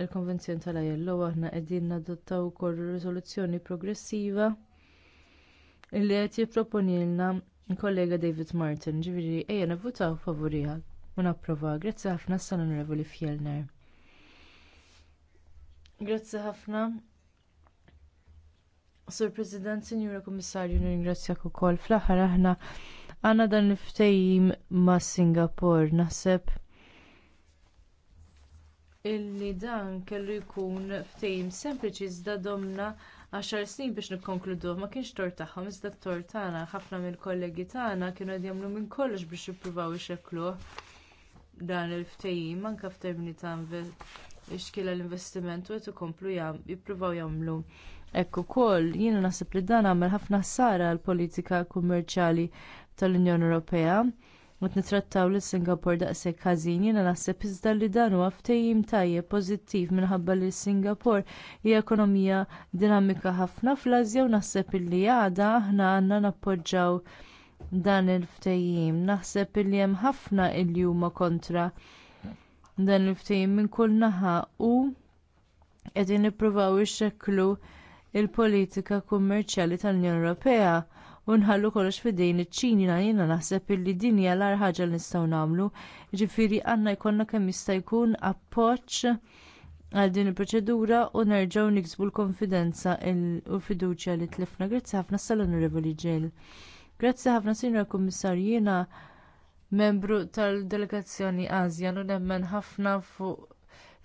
il-konvenzjoni tal-ILO aħna qegħdin nadottaw ukoll riżoluzzjoni progressiva li qed jipproponilna kollega David Martin, ġifieri ejja nivvutaw favuriha u napprova. Grazzi ħafna sal-Onorevoli Fjellner. Grazzi ħafna. Sur President, Sinjura Kummissarju, nirringrazzjak ukoll fl-aħħar aħna għandna dan il-ftehim mas Singapore naħseb illi dan kellu jkun ftehim sempliċi iżda domna għaxar snin biex nikkonkluduh ma kienx tort tagħhom iżda t-tort tagħna ħafna mill-kollegi tagħna kienu qed jagħmlu minn kollox biex jippruvaw ixekkluh dan il-ftehim anke f'termini ta' ixkila l-investiment u qed ikomplu jippruvaw jagħmlu hekk ukoll jiena naħseb li dan għamel ħafna ħsara għall politika kummerċjali tal-Unjoni Ewropea Mut nitrattaw li Singapore daqshekk ħażin jiena naħseb iżda li dan huwa ftehim tajjeb pożittiv minħabba li Singapore hija ekonomija dinamika ħafna fl-Asja u naħseb li għada aħna għandna nappoġġjaw dan il-ftehim. Naħseb li hemm ħafna illi huma kontra dan il-ftehim minn kull naħa u qegħdin nippruvaw ixxekklu l politika kummerċjali tal-Unjoni Ewropea u nħallu kollox fidejn iċ-ċini jiena naħseb illi din hija l ħaġa li nistgħu nagħmlu. Ġifieri għandna jkollna kemm jista' jkun appoġġ għal din il-proċedura u nerġgħu niksbu l-konfidenza u l-fiduċja li tlifna. Grazzi ħafna sal-Onorevoli Ġel. Grazzi ħafna Sinjor Kummissar jiena membru tal-delegazzjoni Asja u nemmen ħafna fuq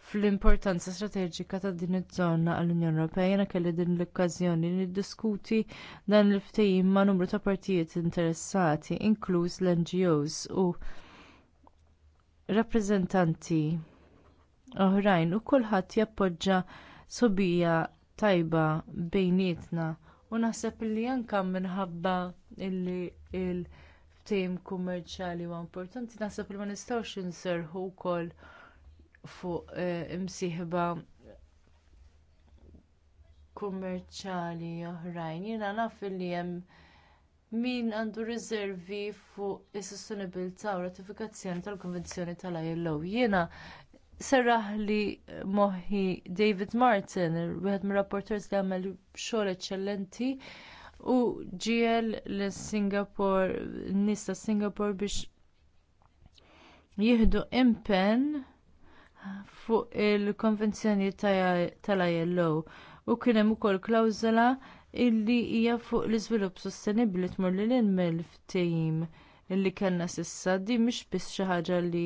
fl-importanza strateġika ta' din iż-żona għall-Unjoni Ewropea jiena kelli din l-okkażjoni li niddiskuti dan il-ftehim ma' numru ta' partijiet interessati, inkluż l-NGOs u rappreżentanti oħrajn u kulħadd jappoġġa sobija tajba bejnietna u naħseb li anke minħabba illi il-ftehim kummerċjali huwa importanti naħseb li ma nistgħux inserħu wkoll fuq eh, imsieħba kummerċali oħrajn. Jiena naf li hemm min għandu riservi fuq is-sostenibilità u ratifikazzjoni tal-Konvenzjoni tal-ILO. Jiena serraħ li moħħi David Martin, wieħed mir-rapporters li għamel xogħol eċċellenti u ġiel l-Singapore, nista Singapore biex jieħdu impenn fuq il-konvenzjoni tal-ILO u kien hemm ukoll klawżola illi hija fuq l-iżvilupp sostenibbli tmur lil ilmel f'tejjim illi kellna sissa di mhix biss xi ħaġa li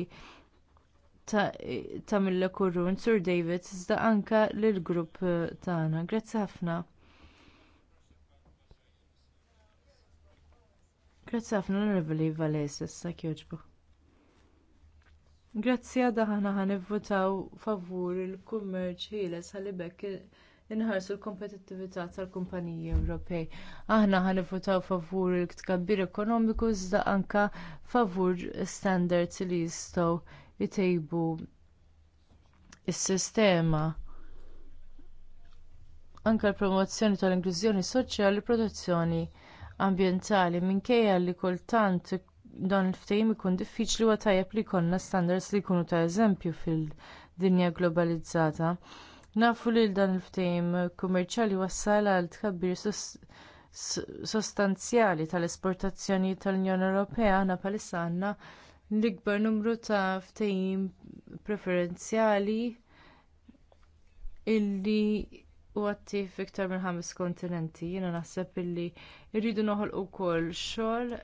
ta' mille kurrun Sur David iżda anke lill grupp tagħna. Grazzi ħafna. Grazzi ħafna l-Reveli Valesa, sa' kjoġbu. Grazzi għadha ħana ħan votaw favur il-kummerċ ħieles ħalibek inħarsu l-kompetittività tal-kumpaniji Ewropej. Aħna ħanivvutaw favur il-tkabbir ekonomiku iżda anke favur standards li jistgħu jtejbu s sistema Anke l-promozzjoni tal-inklużjoni soċjali u protezzjoni ambjentali minkejja li kultant dan il-ftehim ikun diffiċli u tajjeb li jkollna standards li jkunu ta' eżempju fil-dinja globalizzata. Nafu li dan il-ftehim kummerċjali wassal għal tkabbir sostanzjali tal-esportazzjoni tal-Unjoni Ewropea aħna bħalissa għandna l-ikbar numru ta' ftehim preferenzjali illi u għattif iktar minn ħames kontinenti. Jiena naħseb illi rridu noħolqu wkoll xogħol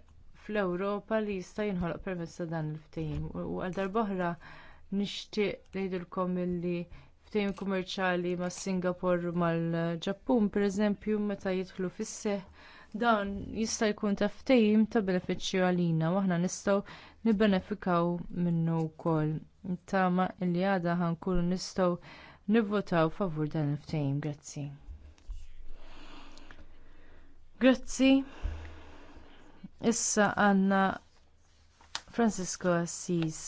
fl-Ewropa li jista' jinħoloq permezz ta' dan il-ftehim. U għal darb'oħra nixtieq ngħidilkom illi ftehim kummerċjali mas Singapore mal-Ġappun pereżempju meta jidħlu fis-seħħ dan jista' jkun ta' ftehim ta' benefiċċju għalina u aħna nistgħu nibbenefikaw minnu wkoll. Tama li għadha ħankunu nistgħu nivvotaw favur dan il-ftehim. Grazzi. Grazzi. Issa għandna Francisco Assis.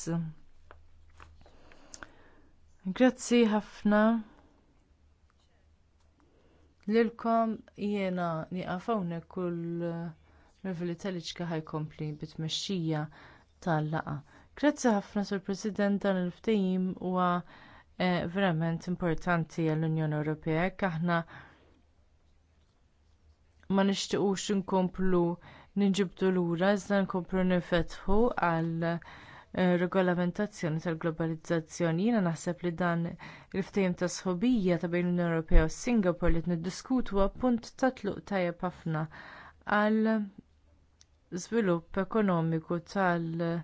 Grazzi ħafna lilkom jiena niqafawne kull rivili tal-iċka ħajkompli bit-mexxija tal laqgħa Grazzi ħafna sur President dan il-ftehim huwa eh, verament importanti għall-Unjoni Ewropea jekk aħna ma nixtiequx inkomplu Niġibdu lura iżda nkomplu nifetħu għal eh, regolamentazzjoni tal-globalizzazzjoni. Jiena naħseb li dan il-ftehim ta' sħobija ta' bejn l-Unjoni Ewropea u Singapore li niddiskutu huwa punt ta' tluq tajjeb ħafna għal żvilupp ekonomiku tal-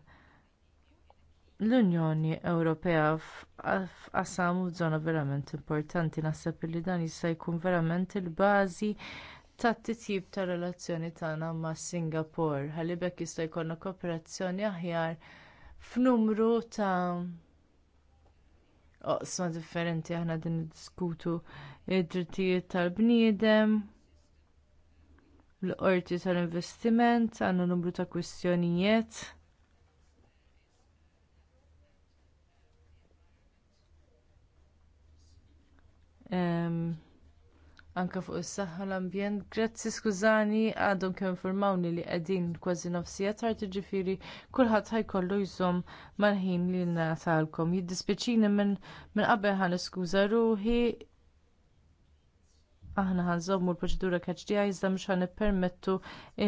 l-Unjoni Ewropea f'qasam u żona verament importanti naħseb li dan jista' jkun verament il-bażi tat-titjib ta' relazzjoni tagħna mas Singapore ħalli jista' jkollna kooperazzjoni aħjar f'numru ta' oqsma differenti aħna din niddiskutu id-drittijiet tal-bniedem l-qorti tal-investiment għandna numru ta' kwistjonijiet um, anke fuq is-saħħa l-ambjent. Grazzi skużani għadhom kemm informawni li qegħdin kważi nofsija tard jiġifieri kulħadd ħajkollu jżomm mal-ħin li ngħatalkom. Jiddispjaċini minn qabel ħan iskuża ruħi aħna ħanżommu l-proċedura kaċdija iżda mhux ħan ippermettu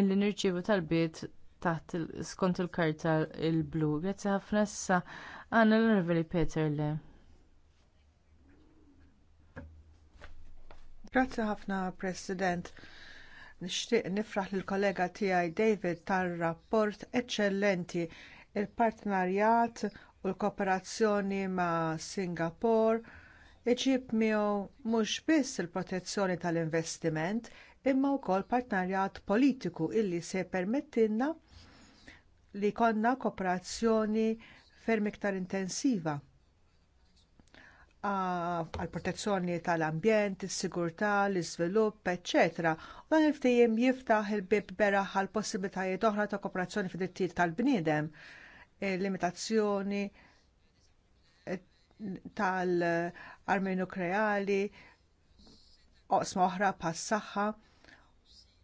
li nirċievu talbiet taħt skont il-karta l blu Grazzi ħafna issa għandna l-Reveli Peter le. Grazzi ħafna, President. Nixtieq nifraħ lill kollega tijaj David tar-rapport eċċellenti il-partnerjat u l-kooperazzjoni ma' Singapore iġib miegħu mhux biss il-protezzjoni tal-investiment imma wkoll partnerjat politiku illi se permettilna li jkollna kooperazzjoni ferm iktar intensiva għall protezzjoni tal-ambjent, is-sigurtà, l-iżvilupp, etc. U dan il-ftehim jiftaħ il-bib beraħ għal possibilitajiet oħra ta' kooperazzjoni fid-dittijiet tal-bniedem, e, limitazzjoni e, tal-armi nukreali, oqsma oħra pas-saħħa.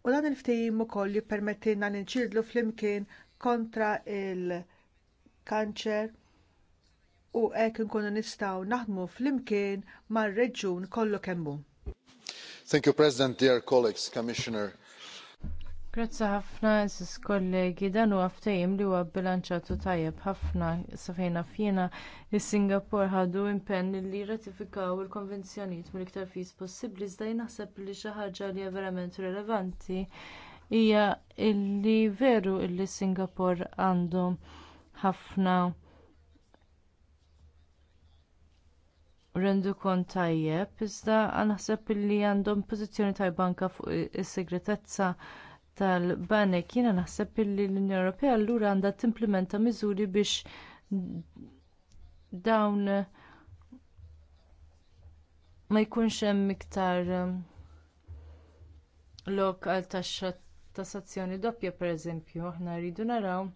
U dan il-ftehim ukoll jippermettilna ninċidlu flimkien kontra il-kanċer u hekk nkunu nistgħu naħdmu flimkien mar-reġjun kollu kemm hu. Thank you, President, dear colleagues, Commissioner. Grazzi ħafna, eżis kollegi, dan huwa għaftajim li huwa bilanċatu tajjeb ħafna safejna fjena il singapur ħadu impenn li ratifikaw il-konvenzjonijiet mill-iktar fis possibbli iżda naħseb li xi ħaġa li hija verament rilevanti hija li veru li Singapur għandu ħafna rendu kont tajjeb, iżda naħseb li għandhom pożizzjoni tal-banka fuq is-segretezza tal-banek. Jiena naħseb li l-Unjoni Ewropea allura għandha timplementa miżuri biex dawn ma jkunx hemm iktar um, lok għal taxxa tassazzjoni doppja pereżempju, aħna rridu naraw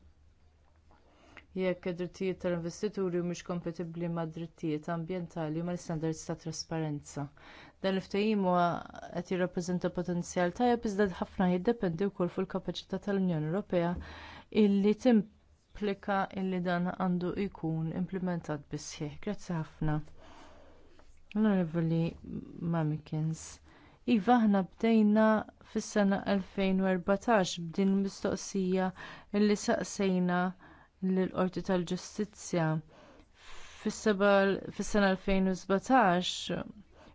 jekk id-drittijiet tal-investituri mhux kompatibbli mad drittijiet ambjentali u mal-istandards ta' trasparenza. Dan il-ftehim huwa qed jirrappreżenta potenzjal tajjeb iżda ħafna jiddependi wkoll fuq il-kapaċità tal-Unjoni Ewropea illi timplika illi dan għandu jkun implementat bisħieħ. Grazzi ħafna. Onorevoli Mamikins. Iva aħna bdejna fis-sena 2014 b'din mistoqsija illi saqsejna l-Qorti tal-Ġustizzja fis-sena 2017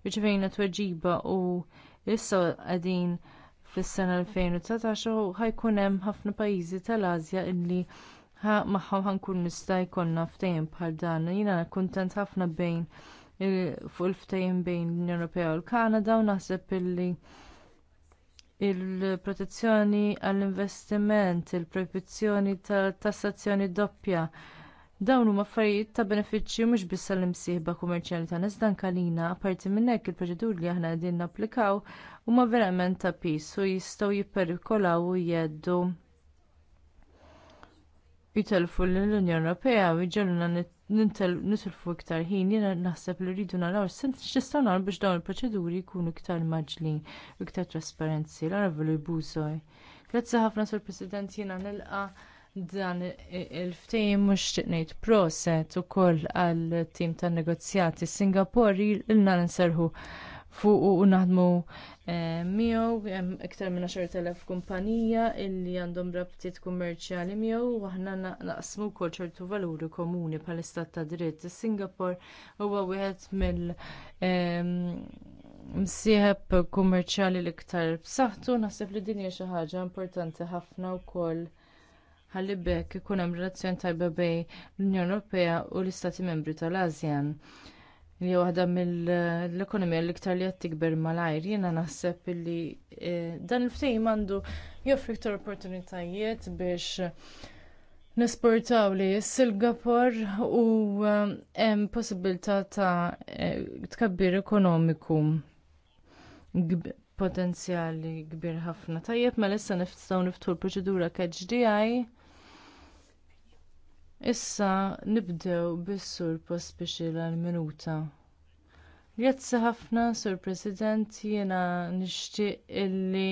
riċevejna tweġiba u issa qegħdin fis-sena 2019 u ħajkun hemm ħafna pajjiżi tal-Asja illi magħhom ħankun nista' jkollna ftehim bħal dan. Jiena kuntent ħafna bejn fuq il-ftehim bejn l-Unjoni Ewropea u l-Kanada u naħseb illi il-protezzjoni għall-investiment, il-proibizzjoni ta' tassazzjoni doppja. Dawn huma affarijiet ta' benefiċċju mhux biss għall-imsieħba kummerċjali tagħna iżda anke apparti minn hekk il-proċeduri li aħna qegħdin napplikaw huma verament ta' pis u jistgħu jipperikolaw u jgħeddu jitelfu lill unjoni Ewropea u jġeluna nitilfu iktar ħin, jiena naħseb li rridu naraw sent x'tista' nagħmel biex dawn il-proċeduri jkunu iktar maġlin u iktar trasparenzi l li jbużoj. Grazzi ħafna sur President jiena nilqa dan il-ftejn mhux xtiqnejt proset ukoll għal tim tan negozjati Singapore ilna nserħu fuq u naħdmu eh, miegħu hemm iktar minn 10,000 kumpanija illi għandhom rabtiet kummerċjali miegħu u aħna naqsmu wkoll ċertu valuri komuni bħall-istat ta' dritt. Is-Singapore huwa wieħed mill ehm, msieħeb kummerċjali l-iktar b'saħħtu naħseb li din hija xi ħaġa importanti ħafna wkoll ħalli bekk ikun hemm relazzjoni tajba bejn l-Unjoni Ewropea u l-Istati Membri tal-ASEAN li waħda mill-ekonomija l-iktar li qed tikber malajr, jena naħseb li eh, dan il-ftehim għandu joffri ktar opportunitajiet biex nesportaw li Singapore u eh, hemm possibilità ta' eh, tkabbir ekonomiku potenzjali kbir ħafna. Tajjeb mela issa nistgħu niftu l-proċedura KHDI. Issa nibdew bis-sur pospixil għal minuta. Grazzi ħafna, sur President, jiena nixtieq illi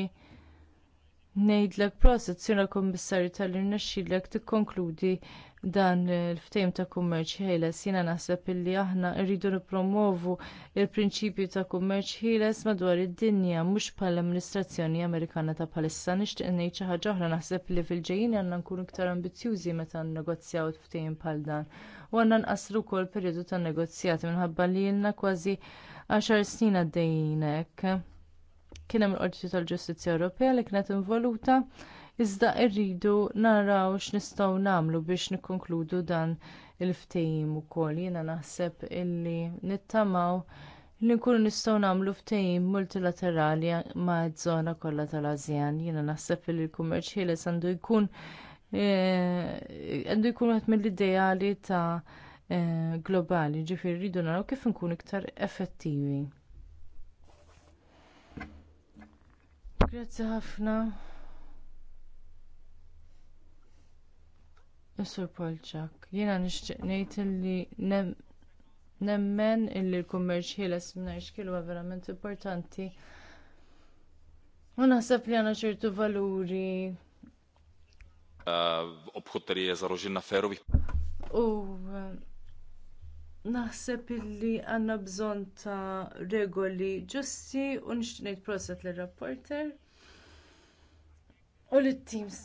ngħidlek proset sira kommissarju tal-irnexxilek tikkonkludi dan il-ftejm ta' kummerċ ħieles. Jiena naħseb illi aħna rridu nippromovu l prinċipju ta' kummerċ ħieles madwar id-dinja mhux bħall-amministrazzjoni Amerikana ta' bħalissa nixtieq ngħid xi ħaġa oħra naħseb li fil-ġejjin għandna nkunu iktar ambizzjużi meta nnegozjaw ftehim bħal dan. U għandna nqassru wkoll perjodu ta' negozjat minħabba li jilna kważi 10 snin għaddejjin hekk. Kien hemm il-Qorti tal-Ġustizzja Ewropea li kienet involuta iżda rridu naraw x'nistgħu nagħmlu biex nikkonkludu dan il-ftehim ukoll. Jiena naħseb illi nittamaw li nkunu nistgħu nagħmlu ftehim multilaterali maż-żona kollha tal-ASEAN. Jiena naħseb li l-kummerċ ħieles għandu jkun eh, għandu jkun għat mill-ideali ta' eh, globali, ġifir rridu naraw kif nkun iktar effettivi. Grazzi ħafna. Sur Polċak, jiena nixtieq ngħid li nemmen illi l-kummerċ ħieles mingħajr xkil huwa verament importanti. U naħseb li għandna ċertu valuri. Eh, Obħud tari jeżaroġinna ferru. U eh, naħseb illi għandna bżonn ta' regoli ġusti u nixtieq ngħid proset lir rapporter U li t-teams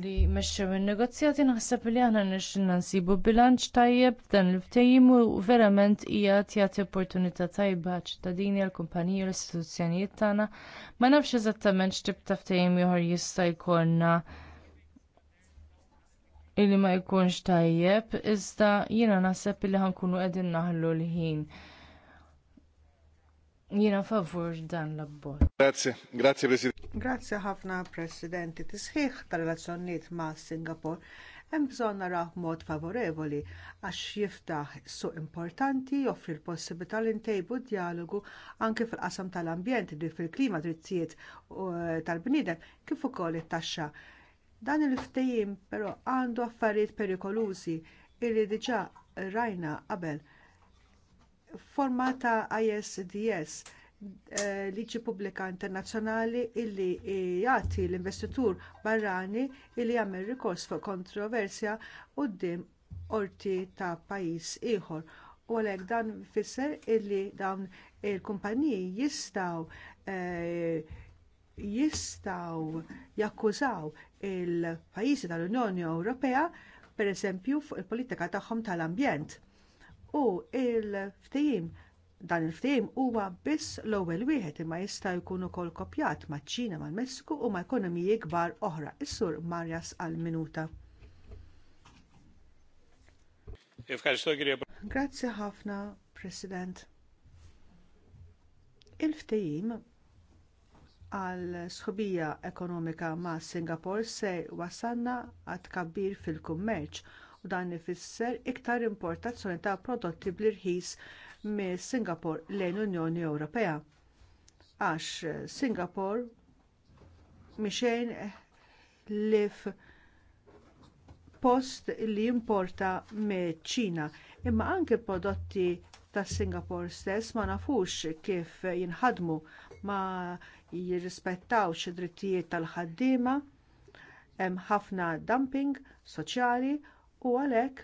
li meċċew il-negozjati naħseb li aħna nixinna nsibu bilanċ tajjeb dan l ftejim u verament hija tjati opportunità tajba ċittadini għal-kumpaniji u l-istituzzjonijiet tagħna. Ma nafx eżattament ċtib ta' ftejim ieħor jista' jkollna illi ma jkunx tajjeb, iżda jiena naħseb li ħankunu qegħdin naħlu l-ħin. Jiena favur dan l-abbot. Grazie, grazie President. Grazie ħafna Presidenti. Tisħiħ ta' relazzjoniet ma' Singapore hemm bżonn naraw mod favorevoli għax jiftaħ suq importanti joffri l-possibilità li ntejbu dialogu anke fil-qasam tal-ambjent li fil-klima drittijiet tal-bniedem kif ukoll it-taxxa. Dan il-ftehim però għandu affarijiet perikolużi illi diġà rajna qabel Formata ta' ISDS eh, liġi pubblika internazzjonali illi jagħti l-investitur barrani illi jagħmel rikors fuq kontroversja quddiem qorti ta' pajjiż ieħor. U għalhekk dan ifisser illi dawn il-kumpaniji jistgħu eh, jistgħu jakkużaw il-pajjiżi tal-Unjoni Ewropea pereżempju fuq il-politika tagħhom tal-ambjent u il-ftehim dan il-ftehim huwa biss l-ewwel wieħed imma jista' jkun ukoll kopjat maċ-Ċina mal-Messiku u ma' ekonomiji kbar oħra. Is-sur Marjas għall minuta. Grazzi ħafna, President. Il-ftehim għal sħubija ekonomika ma' Singapore se wasanna għad tkabbir fil-kummerċ u dan ifisser iktar importazzjoni ta' prodotti bl-irħis minn Singapore lejn Unjoni Ewropea. Għax eh, Singapore miexejn eh, lif post li importa me ċina imma anke prodotti tas Singapore stess ma nafux kif jinħadmu ma jirrispettawx id-drittijiet tal-ħaddiema hemm ħafna dumping soċjali u għalhekk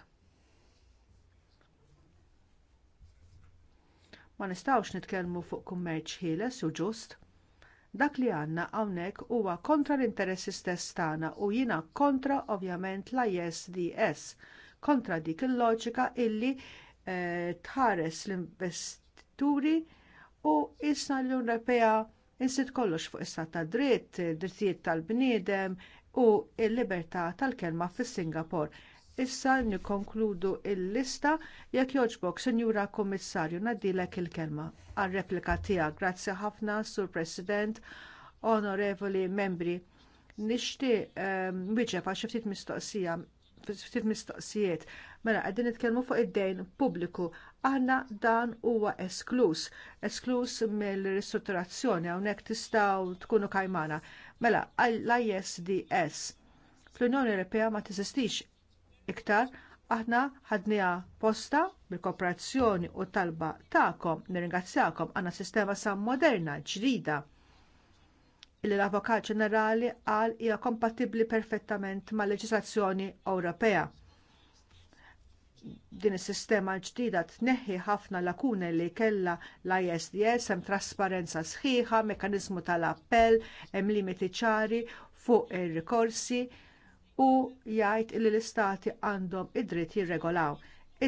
ma nistgħux nitkellmu fuq kummerċ ħieles u ġust dak li għandna hawnhekk huwa kontra l-interessi stess tagħna u jiena kontra ovvjament l-ISDS, kontra dik il-loġika illi eh, tħares l-investituri u issa l-Unjoni Ewropea insit kollox fuq issa ta' dritt, drittijiet tal-bniedem u l-libertà tal-kelma fis-Singapore. Issa nikkonkludu l lista jekk jogħġbok, Sinjura Kummissarju, nadilek il-kelma għal-replika tiegħek. Grazzi ħafna, Sur President, onorevoli membri. Nixtieq ehm, wieġeb għax ftit mistoqsija ftit mistoqsijiet. Mela qegħdin nitkellmu fuq id-dejn pubbliku. Aħna dan huwa esklus, esklus mill-ristrutturazzjoni hawnhekk tistgħu tkunu kajmana. Mela l-ISDS fl-Unjoni Ewropea ma tiżistix iktar aħna ħadniha posta bil-kooperazzjoni u talba tagħkom nirringrazzjakom għandna sistema sa moderna ġdida illi l-Avokat Ġenerali qal hija kompatibbli perfettament mal leġiżlazzjoni Ewropea. Din is-sistema ġdida tneħħi ħafna lakune li kellha l-ISDS hemm trasparenza sħiħa, mekkaniżmu tal-appell, hemm limiti ċari fuq ir-rikorsi, u jgħid li l-istati għandhom id-dritt jirregolaw.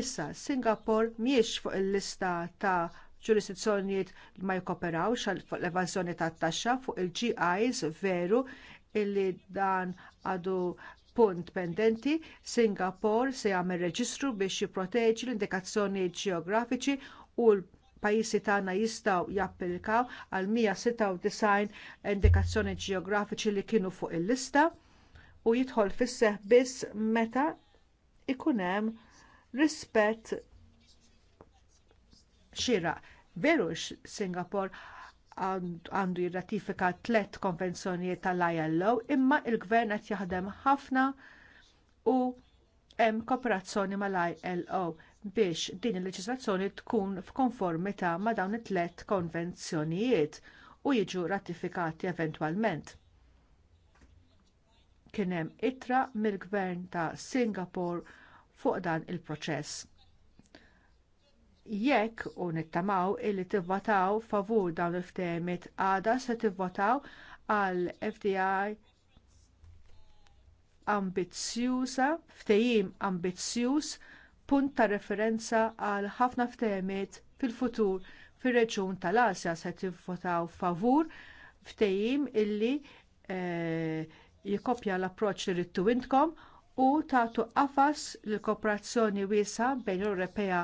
Issa, Singapore mhijiex fuq il-lista ta' ġurisdizzjonijiet li ma jkoperawx fuq l-evażjoni tat taxxa fuq il-GIs veru illi dan għadu punt pendenti, Singapore se jagħmel reġistru biex jipproteġi l-indikazzjoni ġeografiċi u l-pajjiżi tagħna jistgħu japplikaw għal 196 indikazzjoni ġeografiċi li kienu fuq il-lista u jidħol fis seħħ biss meta ikun hemm rispett xira. Veru Singapore għandu jirratifika tliet konvenzjonijiet tal-ILO imma l gvern qed jaħdem ħafna u hemm kooperazzjoni mal-ILO biex din il-leġislazzjoni tkun f'konformità ma' dawn it-tlet konvenzjonijiet u jiġu ratifikati eventwalment kien hemm ittra mill-gvern ta' Singapore fuq dan il-proċess. Jekk u nittamaw illi tivvotaw favur dawn il-ftehmiet għada se tivvotaw għal FDI ambizzjuża, ftehim ambizzjuż, punt ta' referenza għal ħafna ftehimiet fil-futur fir-reġjun tal-Asja se tivvotaw favur ftehim illi eh, jikopja l-approċċ li rittu intkom u tagħtu qafas l kooperazzjoni wiesa bejn l-Ewropea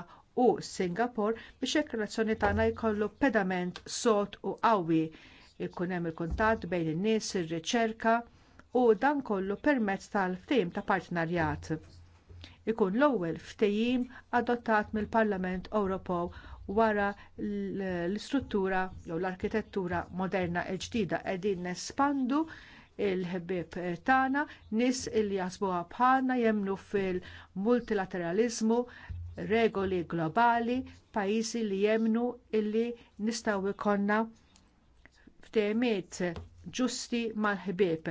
u Singapore biex hekk relazzjoni tagħna jkollu pedament sod u qawwi ikun hemm il-kuntatt bejn in-nies, ir-riċerka u dan kollu permezz tal-ftehim ta' partnerjat. Ikun l-ewwel ftehim adottat mill-Parlament Ewropew wara l-istruttura jew l-arkitettura moderna l ġdida qegħdin nespandu il-ħbib eh, tagħna, nis il jasbuha bħalna jemnu fil-multilateralizmu, regoli globali, pajjiżi li jemnu illi nistgħu ikonna ftehmiet ġusti mal-ħbib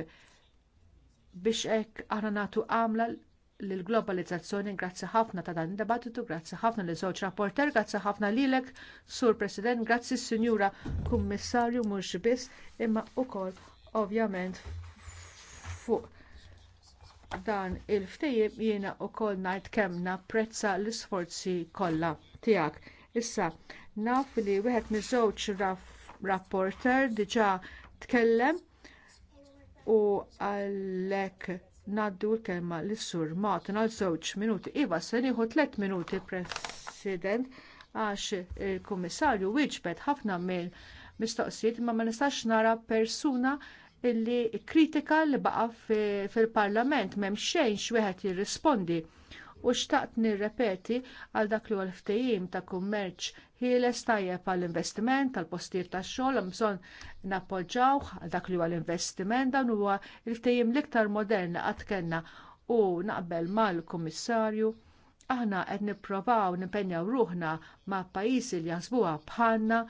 biex hekk aħna nagħtu għamla l-globalizzazzjoni grazzi ħafna ta' dan id-dibattitu, grazzi ħafna li żewġ rapporter, grazzi ħafna lilek, Sur President, grazzi Sinjura Kummissarju mhux biss imma wkoll ovvjament fuq dan il-ftejjeb jiena wkoll ngħid kemm napprezza l-isforzi kollha tiegħek. Issa naf li wieħed miż-żewġ rapporter diġà tkellem u għalhekk ngħaddu l-kelma lis-sur Martin għal żewġ minuti. Iva se nieħu tliet minuti President għax il-Kummissarju wieġbed ħafna mill mistoqsijiet imma ma nistax nara persuna illi kritika li baqa fil-parlament m'hemm xejn xweħet jirrispondi u xtaqt nirrepeti għal dak li għal ftejim ta' kummerċ ħieles tajjeb għall investiment tal postijiet tax xogħol hemm bżonn nappoġġaw għal dak li l investiment dan huwa l-ftejim l-iktar modern qatt kellna u naqbel mal-Kummissarju aħna qed nipprovaw nimpenjaw ruħna ma' pajjiżi li jaħsbuha bħalna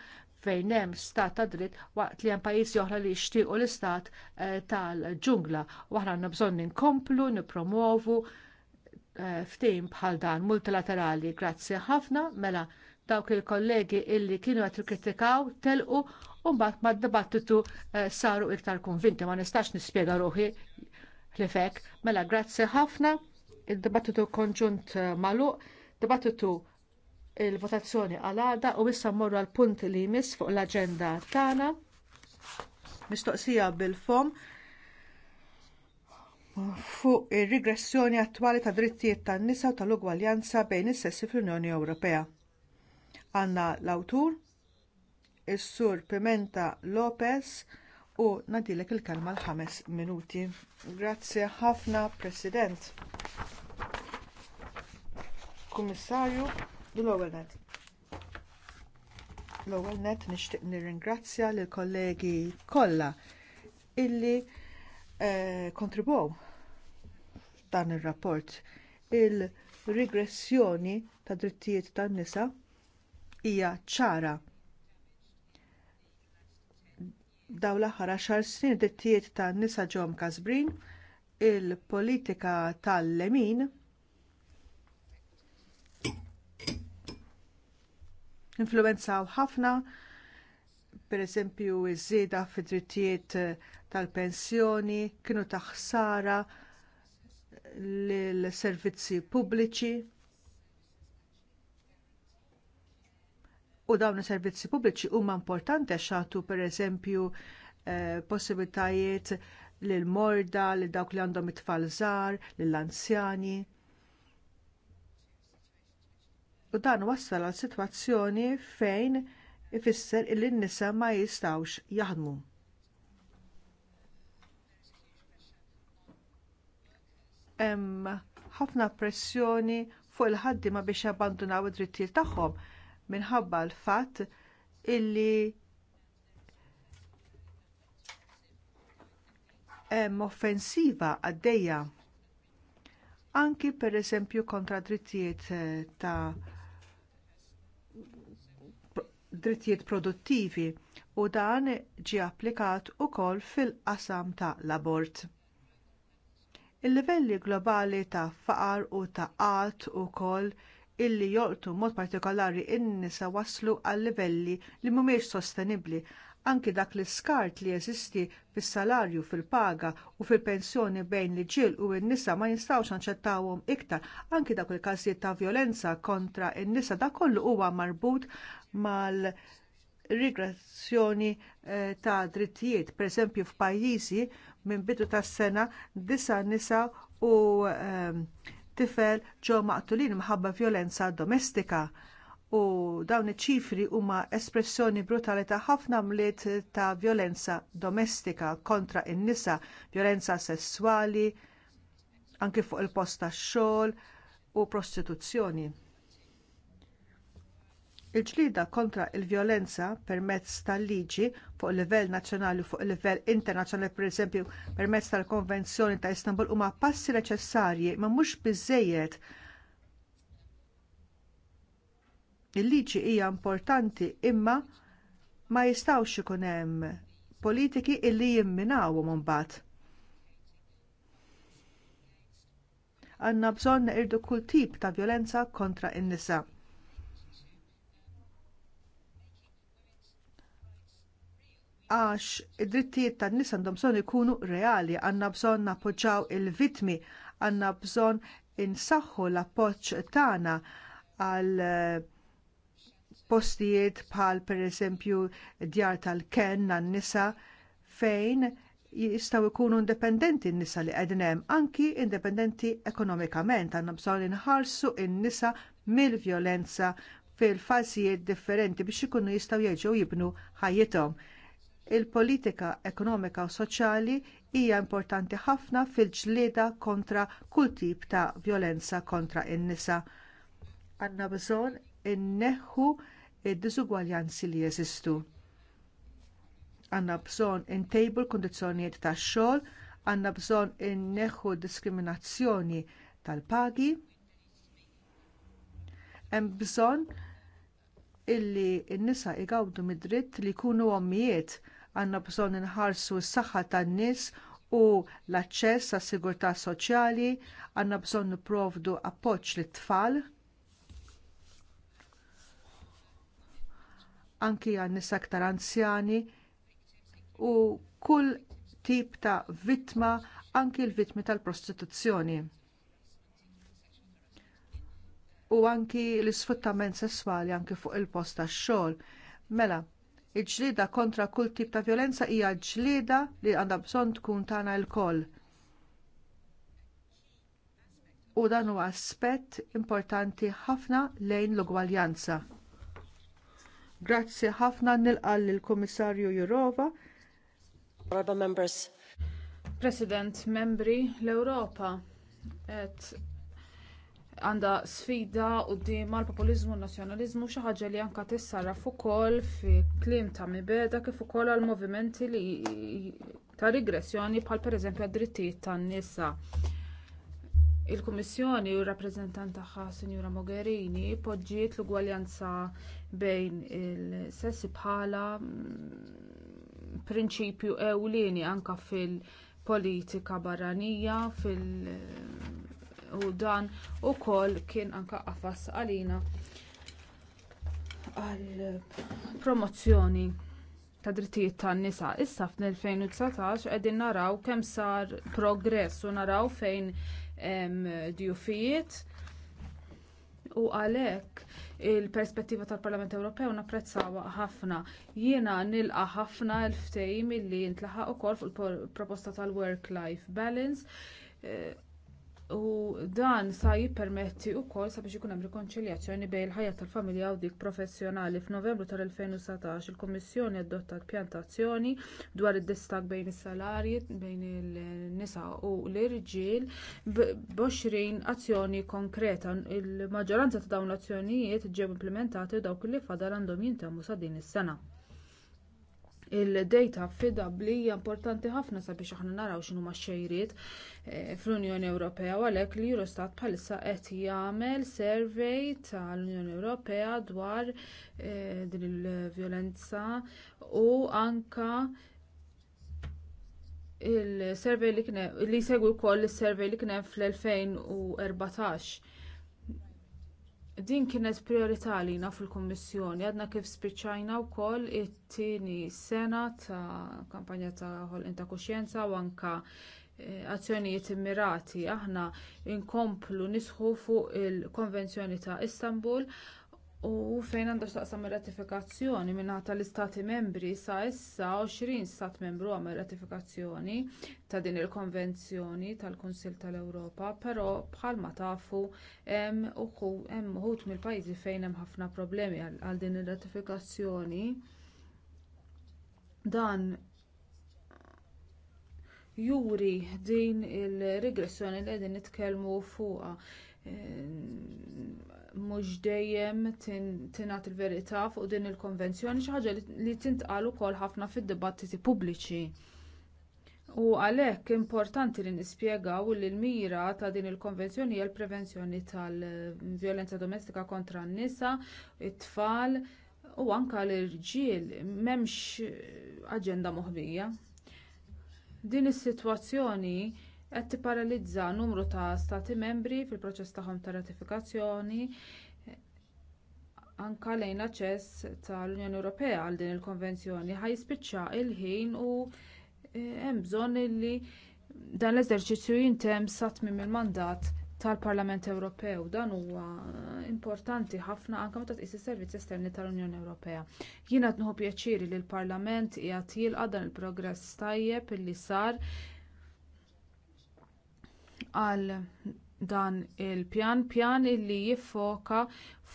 fejn hemm stat ta' dritt waqt li hemm pajjiżi oħra li jixtiequ l-istat eh, tal-ġungla. U aħna għandna bżonn inkomplu, nippromovu eh, ftehim bħal dan multilaterali. Grazzi ħafna mela dawk il-kollegi illi kienu qed ikkritikaw telqu u mbagħad mad-dibattitu eh, saru iktar konvinti ma nistax nispjega ruħi li fek. Mela grazzi ħafna id-dibattitu konġunt magħluq, dibattitu il-votazzjoni għal-għada u issa mmorru għal punt li jmiss fuq l aġenda tagħna. Mistoqsija bil-fom fuq ir-regressjoni attwali ta' drittijiet tan-nisa u tal-ugwaljanza bejn is-sessi fl-Unjoni Ewropea. Għandna l-awtur, is-sur Pimenta Lopez u nadilek il-kalma l-ħames minuti. Grazzi ħafna, President. Kummissarju, L-ewwel net. L-ewwel net nixtieq nirringrazzja lill kollegi kollha illi eh, kontribuw dan ir-rapport il-regressjoni ta' drittijiet tan-nisa hija ċara. Daw l-aħħar għaxar snin drittijiet tan-nisa ġew kasbrin il-politika tal-lemin influenzaw ħafna, pereżempju iż-żieda fid-drittijiet eh, tal-pensjoni, kienu ta' ħsara lill servizzi pubbliċi. U dawn is-servizzi pubbliċi huma importanti għax jagħtu pereżempju eżempju eh, possibilitajiet lil morda, lil dawk li għandhom it-tfal żgħar, lill anzjani u dan wassal għal sitwazzjoni fejn ifisser illi n-nisa ma jistawx jaħdmu. Hemm ħafna pressjoni fuq il-ħaddiema biex jabbandunaw id-drittijiet tagħhom minħabba l-fatt illi hemm offensiva għaddejja anki pereżempju kontra drittijiet eh, ta' drittijiet produttivi u dan ġie applikat ukoll fil-qasam ta' l-abort. Il-livelli globali ta' faqar u ta' qatt ukoll illi joqtu mod partikolari in-nisa waslu għal livelli li mhumiex sostenibbli anki dak li skart li jeżisti fis-salarju fil-paga u fil-pensjoni bejn li ġil u n-nisa ma jistgħux naċċettawhom iktar anki dak il-każijiet ta' vjolenza kontra n-nisa dak kollu huwa marbut mal rigrazzjoni eh, ta' drittijiet. pereżempju f'pajjiżi minn bidu tas sena disa nisa u eh, tifel ġew maqtulin minħabba vjolenza domestika u dawn iċ-ċifri huma espressjoni brutali ta' ħafna mliet ta' vjolenza domestika kontra in-nisa, vjolenza sesswali, anke fuq il-post tax-xogħol u prostituzzjoni. Il-ġlieda kontra l il vjolenza permezz tal-liġi fuq livell nazzjonali u fuq livell internazzjonali, pereżempju permezz tal-Konvenzjoni ta' Istanbul huma passi neċessarji ma mhux biżżejjed. Il-liġi hija importanti imma ma jistgħux ikun hemm politiki illi jimminawhom imbagħad. Għandna bżonn irdu kull tip ta' vjolenza kontra n-nisa għax id-drittijiet tan nisa għandhom bżonn ikunu reali, għandna bżonn nappoġġaw il-vitmi, għandna bżonn insaħħu l-appoġġ tagħna għal eh, postijiet bħal pereżempju djar tal-ken għan-nisa fejn jistgħu jkunu indipendenti n-nisa li qegħdin hemm, anki indipendenti ekonomikament, għandna bżonn inħarsu n-nisa mill-vjolenza fil-fażijiet differenti biex ikunu jistgħu jeġgħu jibnu ħajjithom il-politika ekonomika u soċjali hija importanti ħafna fil-ġlieda kontra kull tip ta' vjolenza kontra in-nisa. Għandna bżonn inneħħu id-diżugwaljanzi li jeżistu. Għandna bżonn intejbu l-kundizzjonijiet tax-xogħol, għandna bżonn inneħħu d diskriminazzjoni tal-pagi, hemm bżonn illi n-nisa igawdu mid-dritt li jkunu ommijiet Għandna bżonn inħarsu s-saħħa tan-nies u l-aċċess għas sigurtà soċjali, għandna bżonn nipprovdu appoġġ lit tfal anki għan nisa aktar anzjani u kull tip ta' vittma anki l-vittmi tal-prostituzzjoni. U anki l isfruttament sesswali anki fuq il-post tax-xogħol. Mela, Il-ġlieda kontra kull tip ta' violenza hija ġlieda li għandha bżonn tkun tagħna lkoll. U dan huwa aspett importanti ħafna lejn l-ugwaljanza. Grazzi ħafna nilqal lill-Kummissarju Jurova. President, membri l-Ewropa qed għandha sfida qudiema l-populizmu u n-nazzjonaliżmu xi ħaġa li anke tissarraf ukoll fi Klim ta' mibeda kif ukoll għal movimenti li ta' rigressjoni bħal pereżempju għad-drittijiet tan-nisa. Il-Kummissjoni u r-rappreżentant tagħha Mogherini poġġiet l-ugwaljanza bejn il-sessi bħala mm, prinċipju ewlieni anke fil- politika barranija fil u dan ukoll kien anke qafas għalina għall promozzjoni ta' drittijiet tan-nisa. Issa fl-2019 qegħdin naraw kemm sar progress u naraw fejn djufijiet u għalhekk il-perspettiva tal-Parlament Ewropew napprezzawha ħafna. Jiena nilqa ħafna l-ftehim illi ntlaħaq ukoll fuq il-proposta tal-work life balance eh, u dan sa jippermetti wkoll sabiex ikun hemm rikonċiljazzjoni bejn il-ħajja tal-familja u dik professjonali. F'Novembru tal-2019 il-Kummissjoni adottat pjantazzjoni dwar id-distak bejn is-salarji bejn in-nisa u l-irġiel b'20 azzjoni konkreta. Il-maġġoranza ta' dawn l-azzjonijiet ġew implementati u dawk li fadal għandhom jintemmu sa din is-sena il-data fidabbli hija importanti ħafna sabiex aħna naraw x'inhuma x-xejriet eh, fl-Unjoni Ewropea u għalhekk li Eurostat bħalissa qed jagħmel survey tal-Unjoni Ewropea dwar eh, din il-vjolenza u anke il-survey li kien li segwi wkoll is-survey li kien hemm fl-2014 Din kienet priorità lina fil-Kummissjoni għadna kif spiċċajna wkoll it-tieni sena ta' kampanja ta' ħolqien ta' kuxjenza u anke eh, azzjonijiet immirati aħna nkomplu nisħu fuq il-Konvenzjoni ta' Istanbul u fejn għandha x'taqsam ir-ratifikazzjoni mingħata tal-istati membri sa issa 20 stat membru għamel ratifikazzjoni ta' din il-konvenzjoni tal-Kunsill tal-Ewropa, però bħalma tafu hemm uħud mill-pajjiżi fejn hemm ħafna problemi għal din ir-ratifikazzjoni. Dan juri din ir regressjoni li qegħdin nitkellmu fuqha Eh, mhux dejjem tingħat il-verità fuq din il-konvenzjoni xi ħaġa li tintqalu kol ħafna fid-dibattiti pubbliċi. U għalhekk importanti li nispjegaw li l-mira ta' din il-konvenzjoni hija l-prevenzjoni tal-vjolenza domestika kontra n-nisa, it-tfal u anke l-irġiel m'hemmx aġenda moħbija. Din is-sitwazzjoni qed tipparalizza numru ta' stati membri fil-proċess tagħhom ta' ratifikazzjoni anke lejn l-aċċess tal-Unjoni Ewropea għal din il-konvenzjoni ħajspiċċa l ħin u eh, hemm bżonn li dan l-eżerċizzju jintemm sa tmiem il-mandat tal-Parlament Ewropew dan huwa importanti ħafna anke meta tqis is-servizzi esterni tal-Unjoni Ewropea. Jiena qed nħu pjaċiri li l-Parlament qiegħed jilqa' dan il-progress tajjeb illi sar għal dan il-pjan, pjan illi jiffoka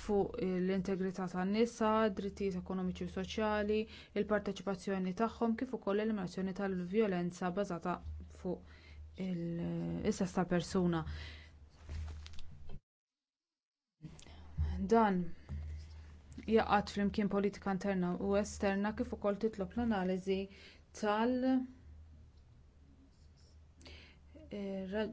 fuq l-integrità tan-nisa, drittijiet ekonomiċi u soċjali, il-parteċipazzjoni tagħhom kif ukoll l-eliminazzjoni tal-vjolenza bażata fuq il-sess ta' persuna. Dan jaqgħad flimkien politika interna u esterna kif ukoll titlob l-analiżi tal eh,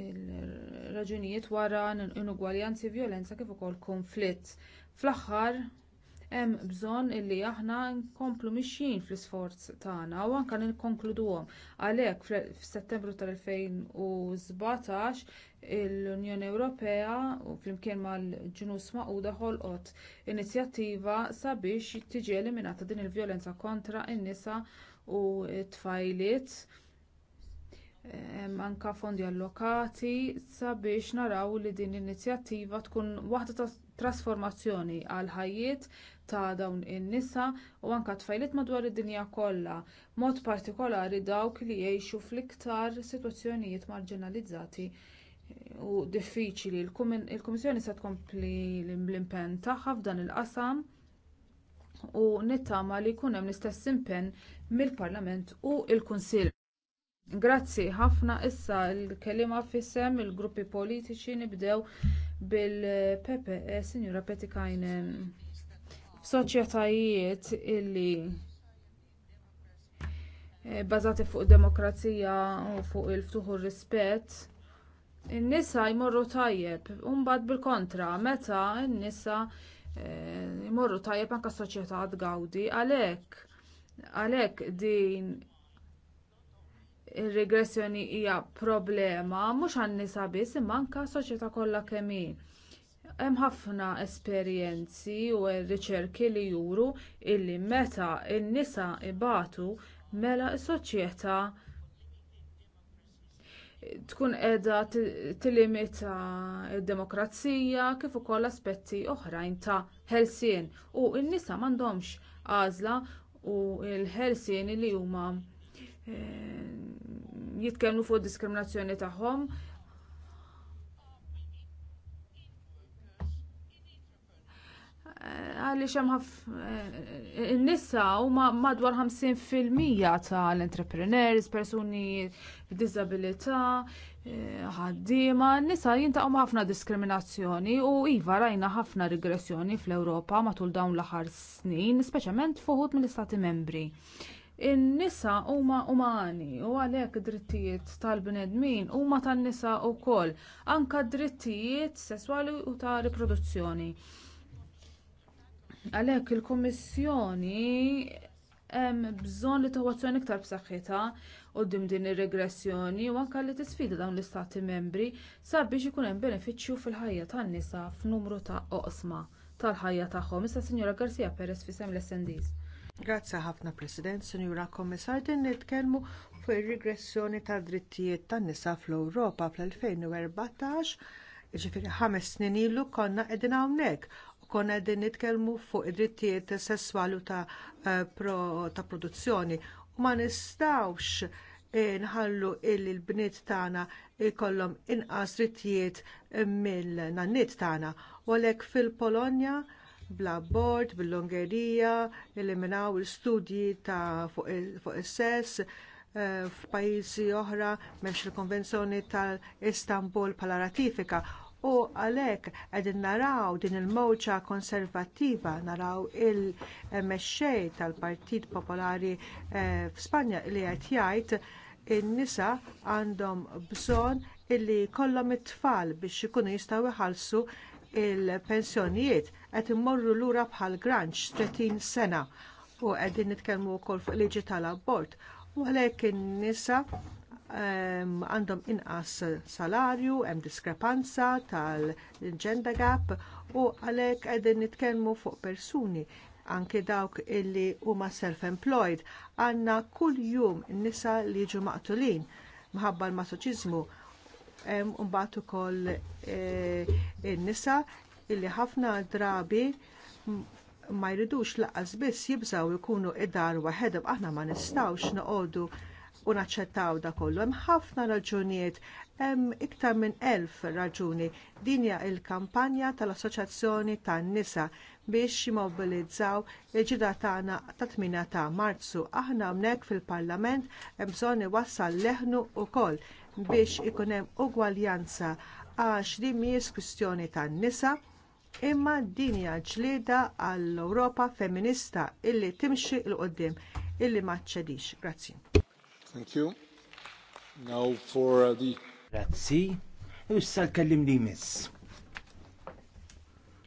il-raġunijiet wara inugwaljanzi, vjolenza kif ukoll konflitt. Fl-aħħar hemm bżonn illi aħna nkomplu mixjin fl-isforz tagħna u anke nikkonkluduhom. Għalhekk f'Settembru tal-2017 l-Unjoni Ewropea u flimkien mal-ġnus Magħquda ħolqot inizjattiva sabiex tiġi eliminata din il-vjolenza kontra n-nisa u t-tfajliet anka fondi allokati sabiex naraw li din l-inizjattiva tkun waħda ta' trasformazzjoni għal ħajjiet ta' dawn in-nisa u anke tfajlit madwar id-dinja kollha, mod partikolari dawk li jgħixu fl-iktar sitwazzjonijiet marġinalizzati u diffiċli. Il-Kummissjoni se tkompli l-impenn tagħha f'dan il-qasam u nittama li jkun hemm l-istess impenn mill-Parlament u l-Kunsill. Grazzi ħafna issa l-kelima fissem il-gruppi politiċi nibdew bil pepe eh, Sinjura Petikajnen. F'soċjetajiet illi eh, bażati fuq demokrazija u fuq il-ftuħ u rispett, in-nisa jmorru tajjeb, u mbagħad bil-kontra, meta n-nisa eh, jmorru tajjeb anke soċjetà għawdi, għalhekk għalhekk din ir-regressjoni hija problema mhux għan-nisa biss imma anke soċjetà kollha kemm hi. Hemm ħafna esperjenzi u riċerki li juru illi meta n-nisa ibatu mela s-soċjetà tkun qiegħda tilimita d-demokrazija kif ukoll aspetti oħrajn ta' ħelsien u n-nisa m'għandhomx għażla u l-ħelsien li huma Eh, jitkellmu fuq diskriminazzjoni tagħhom. Eh, għaliex hemm eh, in-nisa huma madwar 50% tal-entrepreneurs, persuni b'diżabilità, ħaddiema, n-nisa jintaqgħu ħafna diskriminazzjoni u iva rajna ħafna regressjoni fl-Ewropa matul dawn l-aħħar snin, speċjalment fuħut mill-Istati Membri in-nisa huma umani u għalhekk id-drittijiet tal-bnedmin huma tan-nisa wkoll anke d-drittijiet sesswali u ta' riproduzzjoni. Għalhekk il-Kummissjoni hemm bżonn li tieħu iktar b'saħħitha quddiem din ir-regressjoni u anke li tisfida dawn l-istati membri sabiex ikun hemm benefiċċju fil-ħajja tan-nisa f'numru ta' oqsma tal-ħajja tagħhom. Issa Sinjora Garcia Perez fi sem l-SNDs. Grazzi ħafna President, Sinjura Kommissar, din nitkellmu fuq ir-regressjoni tad drittijiet tan-nisa fl-Ewropa fl-2014, jiġifieri ħames snin ilu konna qegħdin hawnhekk u konna qegħdin nitkellmu fuq id-drittijiet sesswali ta', eh, ta produzzjoni u ma nistgħux eh, nħallu il l-bniet tagħna jkollhom inqas drittijiet mill-nannit tagħna. U għalhekk fil-Polonja bla bord, bil-Longerija, eliminaw l-studji ta' fuq is-sess, eh, f'pajjiżi oħra m'hemmx il-Konvenzjoni tal-Istanbul bħala ratifika u għalhekk qegħdin naraw din il-mowċa konservattiva naraw il-mexxej tal-Partit Popolari eh, f'Spanja li qed jgħid in-nisa għandhom bżonn illi jkollhom it-tfal biex ikunu jistgħu jħallsu il-pensjonijiet qed immorru lura bħal granċ 30 sena u qegħdin nitkellmu wkoll fuq liġi tal-abort u għalhekk in-nisa ehm, għandhom inqas salarju, hemm diskrepanza tal-gender gap u għalhekk qegħdin nitkellmu fuq persuni anke dawk illi huma self-employed għandna kuljum jum nisa li jiġu maqtulin minħabba l-masoċiżmu mbagħad ukoll eh, in-nisa illi ħafna drabi ma jridux laqas biss jibżaw ikunu id-dar waħedhom aħna ma nistgħux noqogħdu u naċċettaw da kollu. Hemm ħafna raġunijiet, hemm iktar minn elf raġuni. Din hija l kampanja tal-Assoċjazzjoni tan-nisa biex jimmobilizzaw il-ġida tagħna ta' tmina ta' Marzu. Aħna hawnhekk fil-Parlament hemm bżonn iwassal leħnu wkoll biex ikun hemm ugwaljanza għax din mhijiex kwistjoni tan-nisa imma din hija ġlieda għall-Ewropa femminista illi timxi l qoddim illi ma tċedix. Grazzi. Thank you. Now for uh, the Grazzi. Issa l-kellim li miss.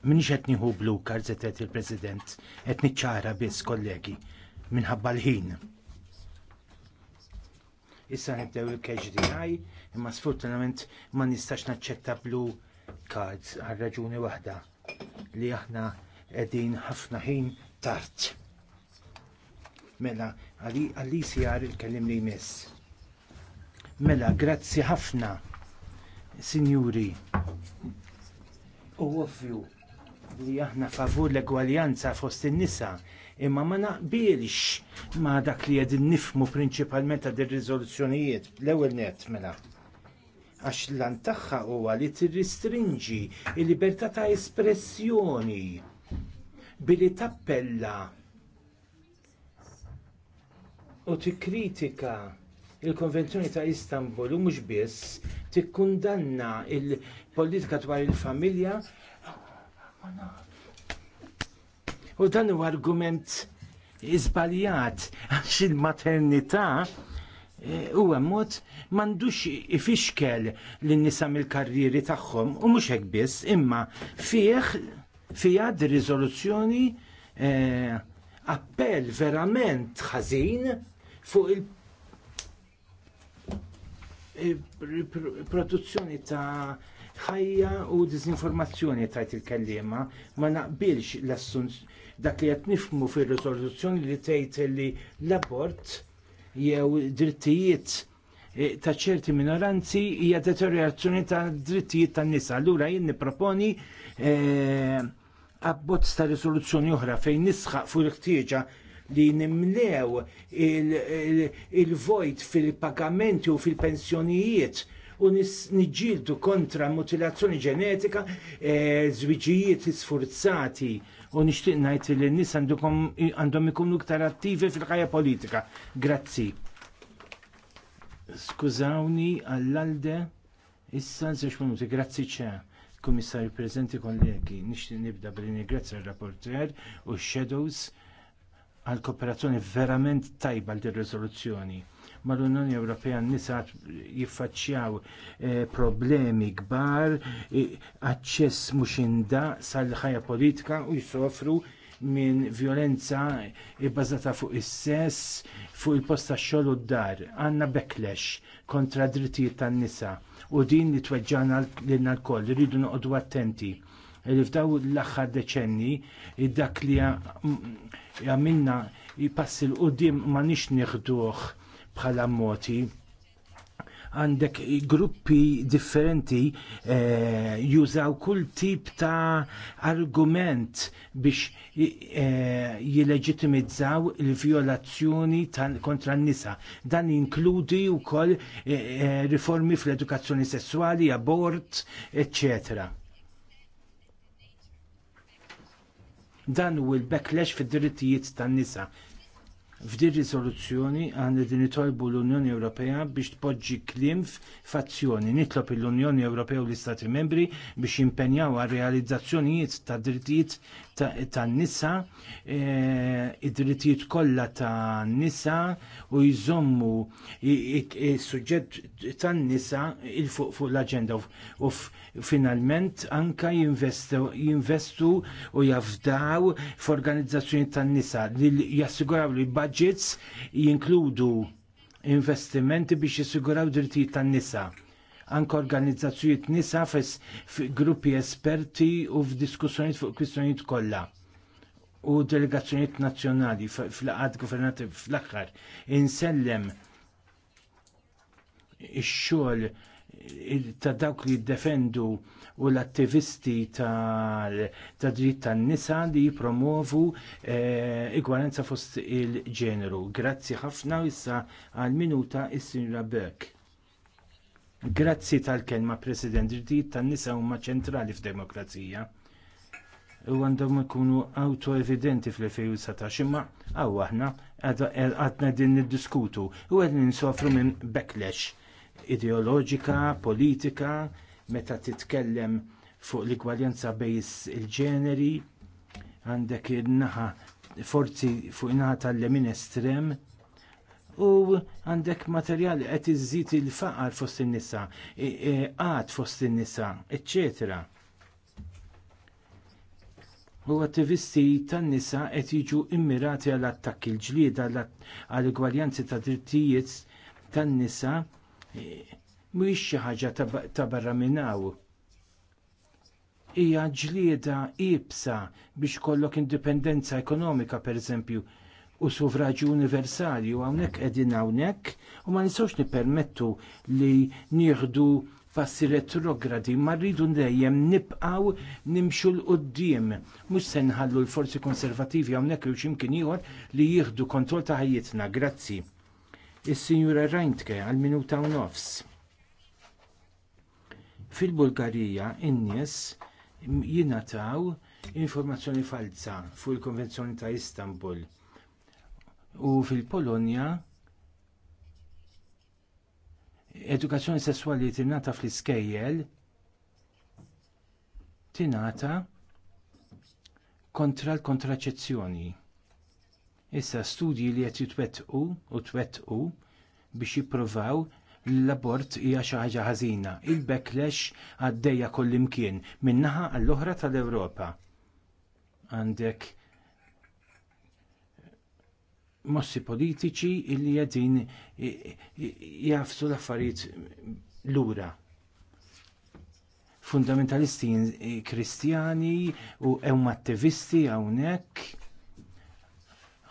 Minix qed nieħu blu karzetet il-President, qed niċċara biss kollegi minħabba l-ħin. Issa nibdew il DI, imma sfortunament ma nistax naċċetta blu cards għal raġuni waħda li aħna qegħdin ħafna ħin tard. Mela, għalli sijar il-kellim li jmiss. Mela, grazzi ħafna, signori, U għoffju li aħna favur l-egwaljanza fost in-nisa imma ma naqbilx ma dak li qegħdin nifmu prinċipalment ta' dir riżoluzzjonijiet l-ewwel net mela għax l-an tagħha huwa li t-ristringi l libertà ta' espressjoni billi tappella u tikkritika l konvenzjoni ta' Istanbul u mhux biss tikkundanna l politika dwar il-familja U dan huwa argument iżbaljat għax il-maternità eh, huwa mod m'għandux ifixkel lin nisam il karriri tagħhom u mhux hekk biss, imma fih fija riżoluzzjoni eh, appell verament ħażin fuq il- produzzjoni ta' ħajja u dizinformazzjoni tajt il-kellima ma naqbilx l-assunzjoni dak li qed nifhmu fir-riżoluzzjoni li tgħid li l-abort jew drittijiet eh, ta' ċerti minoranzi hija deteriorazzjoni ta' drittijiet tan nisa. Allura jien nipproponi eh, abbozz ta' riżoluzzjoni oħra fejn nisħaq fuq il-ħtieġa li nimlew il-vojt fil-pagamenti u fil-pensjonijiet u nġildu kontra mutilazzjoni ġenetika, zwiġijiet eh, sforzati u nixtieq ngħid li n-nies għandhom ikunu iktar attivi fil-ħajja politika. Grazzi. Skużawni għall-alde issa żewġ minuti, grazzi ċe. Komissarju prezenti kollegi, nixtieq nibda billi ningrazzja r-rapporter u x-shadows għal kooperazzjoni verament tajba għal dir-riżoluzzjoni mal-Unjoni Ewropea n-nisa jiffaċċjaw eh, problemi kbar, e, aċċess mhux indaq sal-ħajja politika u jsofru minn violenza eh, bbażata fuq is-sess, fuq il-post tax-xogħol u d-dar. Għandna backlash kontra drittijiet tan-nisa u din li tweġġana lilna lkoll irridu noqogħdu attenti li f'daw l aħħar deċenni eh, dak li għamilna jipassi l-qoddim ma nix nieħduh bħala moti għandek gruppi differenti eh, jużaw kull tip ta' argument biex eh, jileġitimizzaw il-violazzjoni kontra n-nisa. Dan jinkludi u koll eh, riformi fl-edukazzjoni sessuali, abort, etc. Dan u l-backlash fid-drittijiet tan-nisa F'din riżoluzzjoni għandna din nitolbu l-Unjoni Ewropea biex tpoġġi kliem f'azzjoni. Nitlob l-Unjoni Ewropea u l-Istati Membri biex impenjaw għal realizzazzjonijiet ta' drittijiet tan-nisa, e, id-drittijiet kollha tan-nisa u jżommu is-suġġett tan-nisa fuq fuq l-aġenda u finalment anka jinvestu u jafdaw f'organizzazzjoni tan-nisa li jassiguraw li budgets jinkludu investimenti biex jissiguraw drittijiet tan-nisa anke organizzazzjoniet nisa gruppi esperti u f'diskussjonijiet fuq kwistjonijiet kollha u delegazzjonijiet nazzjonali fl-qad governativ fl-aħħar insellem ix-xogħol ta' dawk li jiddefendu u l-attivisti ta' dritt tan-nisa li jipromovu eh, igwaranza fost il-ġeneru. Grazzi ħafna issa għal minuta is-Sinra Beck. Grazzi tal-kelma, President, ġdijt tan-nisa huma ċentrali f'demokrazija. U għandhom ikunu auto-evidenti fl-2019, imma għaw aħna għadna din niddiskutu u għedin ninsofru minn backlash ideoloġika, politika, meta titkellem fuq l-igwaljanza bejn il-ġeneri, għandek il-naħa forzi fuq il naħa tal-lemin estrem u għandek materjali qed iżżid il-faqar fost in-nisa, qatt fost in-nisa, eċċetera. U attivisti tan-nisa qed jiġu immirati għall attakki l-ġlieda għall igwaljanzi ta' drittijiet tan-nisa mhuwiex xi ħaġa ta' barra minnaw hija ġlieda ibsa biex kollok indipendenza ekonomika pereżempju u sovraġi universali u hawnhekk qegħdin hawnhekk u ma nistgħux nippermettu li nieħdu passi retrogradi, ma rridu dejjem nibqgħu nimxu l-qoddim. Mhux se nħallu l-forzi konservativi hawnhekk u ximkin ieħor li jieħdu kontrol ta' ħajjitna. Grazzi. Is-Sinjura Reintke għal minuta u nofs. Fil-Bulgarija in-nies jingħataw informazzjoni falsa fuq il-Konvenzjoni ta' Istanbul u fil-Polonja edukazzjoni sessuali tingħata fl-iskejjel tingħata kontra l-kontraċezzjoni. Issa studji li qed jitwettqu u twettqu biex jippruvaw l-abort hija xi ħaġa ħażina. Il-backlash għaddejja kollimkien min-naħa għall-oħra tal-Ewropa. Għandek mossi politiċi illi għedin jafsu l-affarijiet lura. Fundamentalisti kristjani u ewm attivisti hawnhekk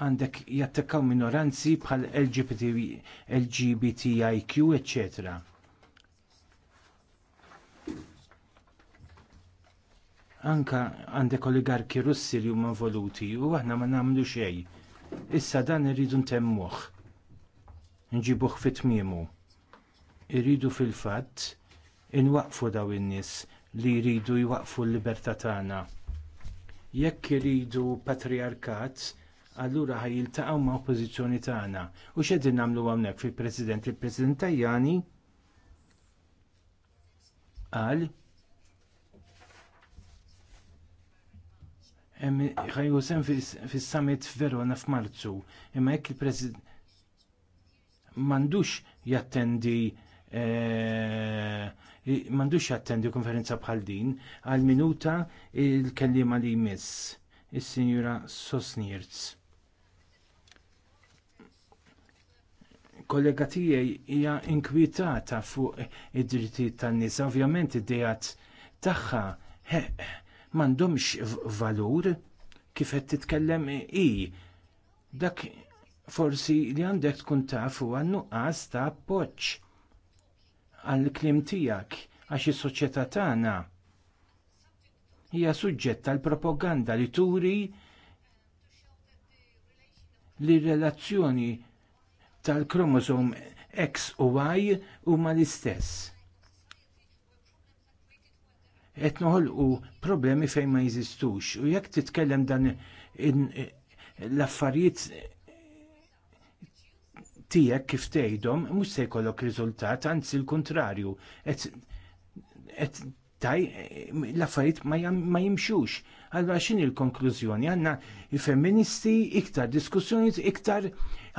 għandek jattakaw minoranzi bħal LGBT, LGBTIQ, etc. Anka għandek oligarki russi li huma voluti u aħna ma nagħmlu xejn Issa dan irridu ntemmuh. Nġibuh fit-tmiemu. Irridu fil-fatt inwaqfu daw in-nies li jridu jwaqfu l-libertà tagħna. Jekk iridu patriarkat, allura ħaj jiltaqgħu ma' oppożizzjoni tagħna. U x'qegħdin nagħmlu hawnhekk fil-President il-President Tajani qal ħajusem fis-summit f'Verona f'Marzu, imma jekk il-President mandux jattendi eh, mandux jattendi konferenza bħal din għal minuta il-kellima li jmiss is-Sinjura Sosnierz. kollega tiegħi hija inkwitata fuq id dritti tan-nies, ovvjament id-dejat tagħha m'għandhomx valur kif qed titkellem i dak forsi li għandek tkun taf u għannuqqas ta' appoġġ għall-kliem tiegħek għax is-soċjetà tagħna hija suġġett għal propaganda li turi li relazzjoni tal-kromosom X u Y huma l-istess qed noħolqu problemi fejn ma jeżistux. U jekk titkellem dan l-affarijiet tiegħek kif tgħidhom mhux se jkollok riżultat, anzi l-kontrarju. Qed taj l-affarijiet ma jimxux. Allora xin il-konklużjoni? Għanna feministi iktar diskussjoni, iktar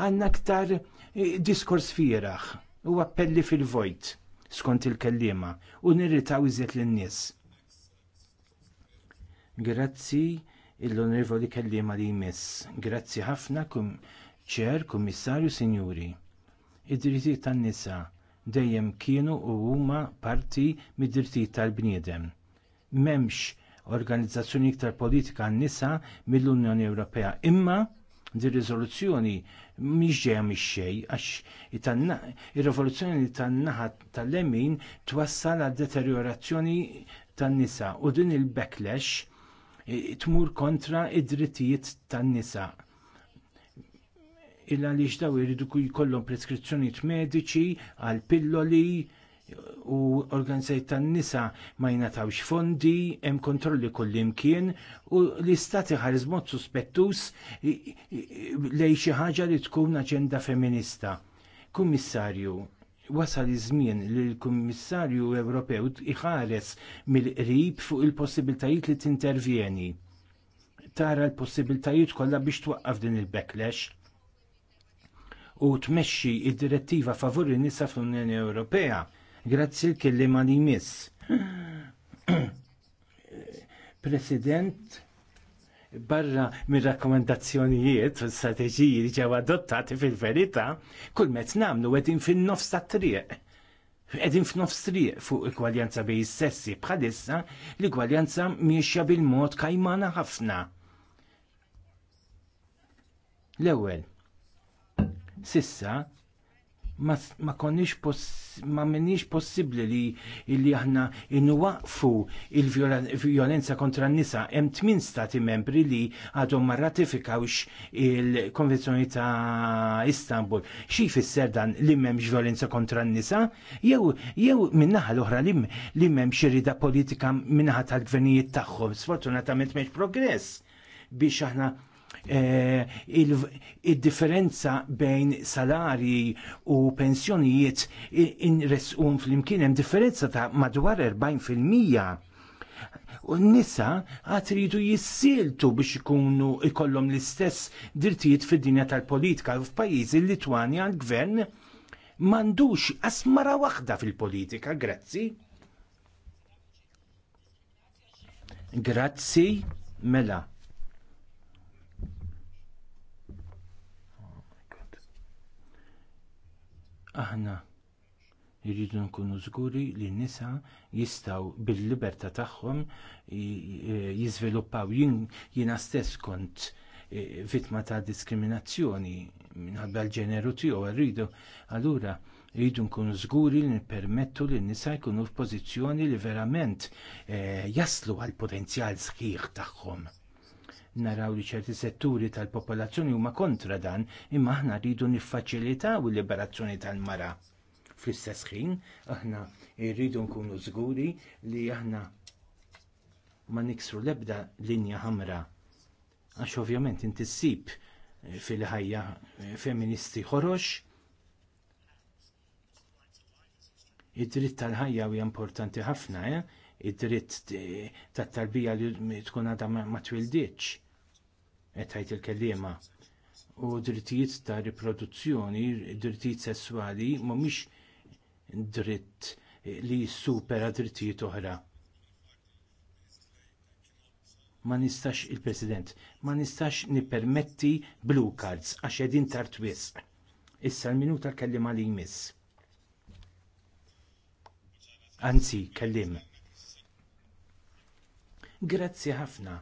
għanna iktar eh, diskors fieraħ u appelli fil-vojt skont il-kellima u nirritaw iżiet l-nies. Grazzi l-onorevoli Kelliema li jmiss. Grazzi ħafna kum ċer, kummissarju, sinjuri. Id-drittijiet tan-nisa dejjem kienu u huma parti mid-drittijiet tal-bniedem. M'hemmx organizzazzjoni iktar politika għan-nisa mill-Unjoni Ewropea, imma di riżoluzzjoni mhix ġejja mix-xejn għax ir-rivoluzzjoni tan-naħa tal-lemin twassal għad deteriorazzjoni tan-nisa u din il-backlash tmur kontra id-drittijiet tan-nisa. Illa li daw kuj jkollhom preskrizzjonijiet mediċi għal pilloli u organizzajt tan-nisa ma jnatawx fondi, hemm kontrolli kullimkien u l-istat iħares mod suspettus lejn xi ħaġa li tkun aġenda feminista. Kummissarju, wasal iż-żmien li l-Kummissarju Ewropew iħares mill-qrib fuq il-possibiltajiet li tintervjeni. Tara l-possibiltajiet kollha biex twaqqaf din il-backlash u tmexxi d direttiva favur in-nisa fl-Unjoni Ewropea. Grazzi l kelliema li jmiss. President, barra mir rakkomandazzjonijiet u strateġiji li ġew adottati fil-verità, kull mezz nagħmlu qegħdin fin-nofs tat-triq. Qegħdin f'nofs triq fuq ikwaljanza bej is-sessi bħalissa l gwaljanza miexja bil-mod kajmana ħafna. L-ewwel, sissa ma konniex ma minniex possibbli li illi aħna inwaqfu il-violenza kontra n-nisa hemm tmien stati membri li għadhom ma ratifikawx il-Konvenzjoni ta' Istanbul. Xi jfisser dan li m'hemmx violenza kontra n-nisa? Jew jew minnaħa l-oħra li m'hemmx irrida politika minnaħa tal-gvernijiet tagħhom. Sfortunatament m'hemmx progress biex aħna Eh, il-differenza bejn salari u pensjonijiet inresqun fl-imkien hemm differenza ta' madwar 40% u n-nisa għat ridu jissiltu biex ikunu ikollhom l-istess drittijiet fid-dinja tal-politika u f'pajjiżi l-Litwanja l-gvern mandux asmara waħda fil-politika, grazzi. Grazzi, mela. Aħna jridu nkunu żguri li n-nisa jistgħu bil-libertà tagħhom jiżviluppaw jiena stess kont e, vittma ta' diskriminazzjoni minħabba l-ġeneru tiegħu rridu allura jridu nkunu żguri li nippermettu li n-nisa jkunu f'pożizzjoni li verament e, jaslu għall potenzjal sħiħ tagħhom naraw li ċerti setturi tal-popolazzjoni huma kontra dan imma aħna rridu niffaċilitaw il-liberazzjoni tal-mara. Fl-istess ħin aħna rridu nkunu żguri li aħna ma niksru l-ebda linja ħamra. Għax ovvjament inti ssib fil-ħajja feministi ħorox. Id-dritt tal-ħajja huwa importanti ħafna, eh? id-dritt eh, tat-tarbija li tkun għadha ma twildiċ qed tgħid il-kelliema. U drittijiet ta' riproduzzjoni, drittijiet sesswali mhumiex dritt li supera drittijiet oħra. Ma nistax il-President, ma nistax nippermetti blue cards għax edin tartwis. Issa l-minuta kelliema li jmiss. Anzi, kellim. Grazzi ħafna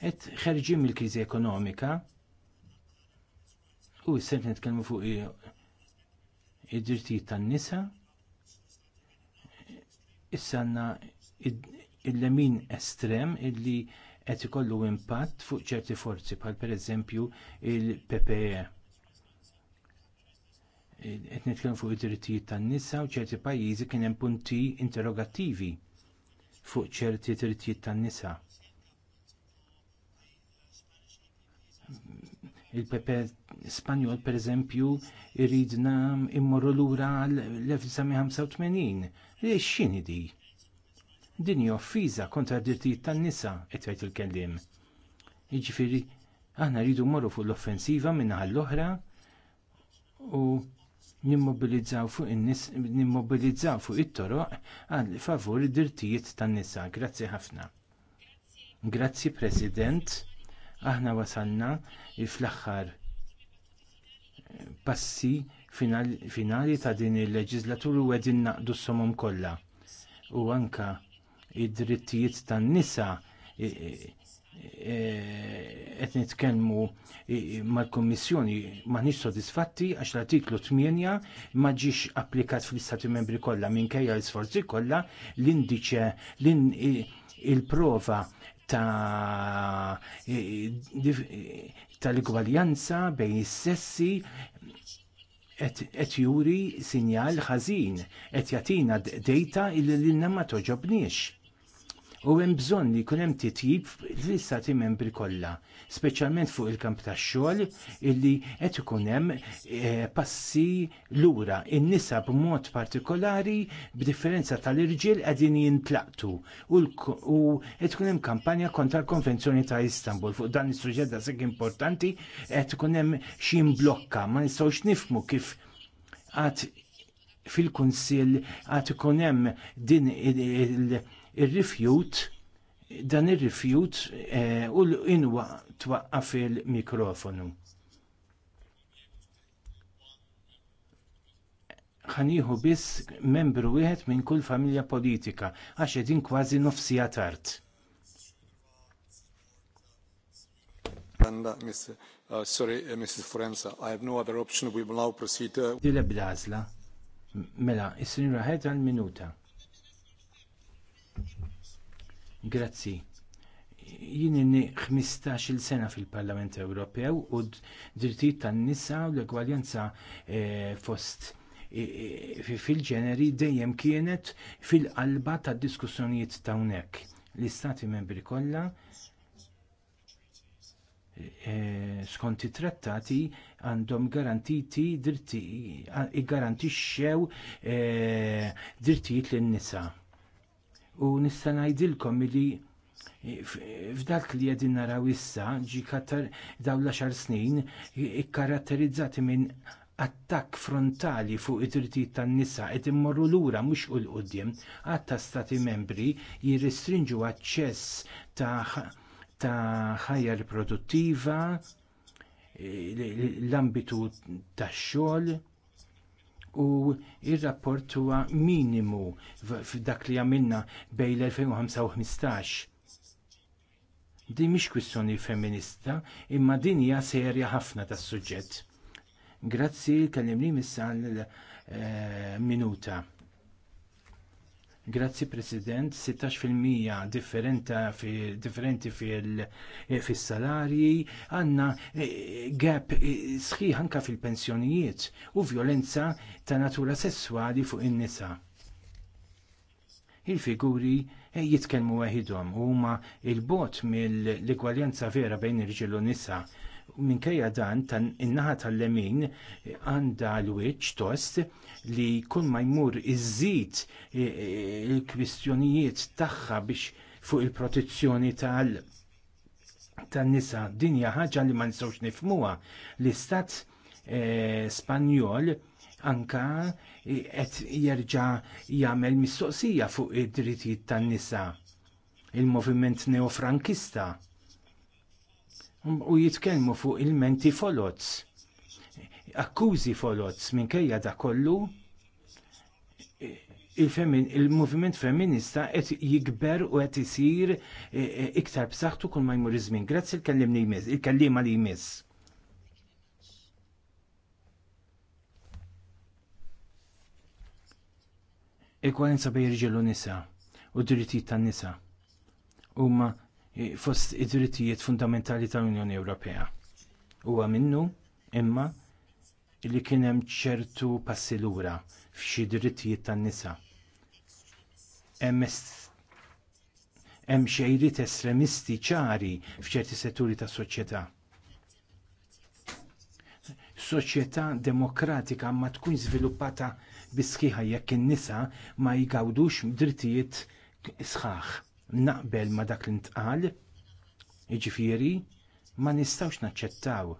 qed ħerġin mill-kriżi ekonomika u s-sent nitkellmu fuq id-drittijiet tan-nisa issa għandna il-lemin estrem illi qed ikollu impatt fuq ċerti forzi bħal pereżempju l ppe Qed nitkellmu fuq id-drittijiet tan-nisa u ċerti pajjiżi kien hemm punti interrogattivi fuq ċerti drittijiet tan-nisa il-Pepe Spanjol per eżempju irridna immorru lura l-1985. Li xini di? Din offiża kontra d-dirtijiet tan-nisa qed il-kelliem. Jiġifieri aħna rridu morru fuq l-offensiva minna l-oħra u nimmobilizzaw fuq in-nies nimmobilizzaw fuq it-toroq għal favur id-dirtijiet tan-nisa. Grazzi ħafna. Grazzi President. Aħna wasalna fl-aħħar passi finali ta' din il-leġislatur u għedin naqdu s-somom kollha. U anke id-drittijiet tan-nisa e, e, e, qed nitkellmu mal-Kummissjoni m'aħniex sodisfatti għax l-artiklu 8 ma ġiex applikat fl-Istati Membri kollha minkejja l-isforzi kollha l-indiċe il-prova ta' tal-igwaljanza bejn is-sessi qed juri sinjal ħażin qed jagħtina dejta li lilna ma toġobniex. U hemm bżonn li jkun hemm titjib fl-istati membri kollha, speċjalment fuq il-kamp tax-xogħol illi qed ikun hemm eh, passi lura. In-nisa b'mod partikolari b'differenza tal-irġiel qegħdin jintlaqtu u qed ikun hemm kampanja kontra l-Konvenzjoni ta' Istanbul fuq dan is-suġġett dasek importanti qed ikun hemm xi mblokka ma nistgħux nifmu kif għad fil-Kunsill għad ikun hemm din il-, il, il ir-rifjut dan ir-rifjut eh, u l-inwa twaqqa fil-mikrofonu. ħaniħu biss membru wieħed minn kull familja politika għax qegħdin kważi nofsija tard. Banda, uh, sorry, uh, Mrs. Forenza, I have no other option, we will now proceed. Uh, Dile blazla, mela, is-sinjura għal-minuta. Grazzi. Jien inni 15-il sena fil-Parlament Ewropew u d-drittijiet tan-nisa u l egwaljenza eh, fost eh, eh, fil-ġeneri dejjem kienet fil-qalba tad diskussjonijiet ta' hawnhekk. L-istati membri kollha skont it-trattati għandhom garantiti dritti garantixxew drittijiet lin-nisa u nista' ngħidilkom li f'dak li qegħdin naraw issa ġi kattar dawn l-għaxar snin ikkaratterizzati minn attakk frontali fuq it-tirtit tan-nisa qed immorru lura mhux u l-qudiem għatta stati membri jirrestrinġu aċċess ta' ta' ħajja riproduttiva l-ambitu tax xogħol u il-rapport huwa minimu f'dak li għamilna bejn l-2015. Din mhix kwistjoni femminista, imma din hija serja ħafna tas-suġġett. Grazzi, kellimni missa l-minuta. Eh, Grazzi President, 16% differenta fi, differenti fil-salari, għanna eh, gap eh, sħiħ anka fil-pensjonijiet u violenza ta' natura sessuali fuq in-nisa. Il-figuri eh, jitkellmu waħidhom u huma il-bot mill-igwaljanza vera bejn irġiel u nisa minkejja dan tan in-naħa tal-lemin eh, għandha l-wiċċ tost li kull ma jmur iżid eh, eh, il-kwistjonijiet tagħha biex fuq il-protezzjoni tal- tan-nisa din hija ħaġa li ma nistgħux nifhmuha l-istat Spanjol anka qed jerġa' jagħmel mistoqsija fuq id-drittijiet tan-nisa il-moviment neofrankista u jitkellmu fuq il-menti folots. Akkużi folots minkejja da kollu il-moviment feminista qed jikber u qed isir e, e, iktar b'saħħtu kull ma jmur iż-żmien. Grazzi l-kellimni jmiss, il-kellima li jmiss. Ekwalenza bej irġiel u nisa u drittijiet tan-nisa huma fost id-drittijiet fundamentali tal-Unjoni Ewropea. Huwa minnu imma li kien hemm ċertu passi lura f'xi drittijiet tan-nisa. Hemm xejrit estremisti ċari f'ċerti setturi tas-soċjetà. Soċjetà demokratika ma tkun żviluppata bi sħiħa jekk in-nisa ma jgawdux drittijiet sħaħ naqbel ma dak li ntqal, jiġifieri ma nistgħux naċċettaw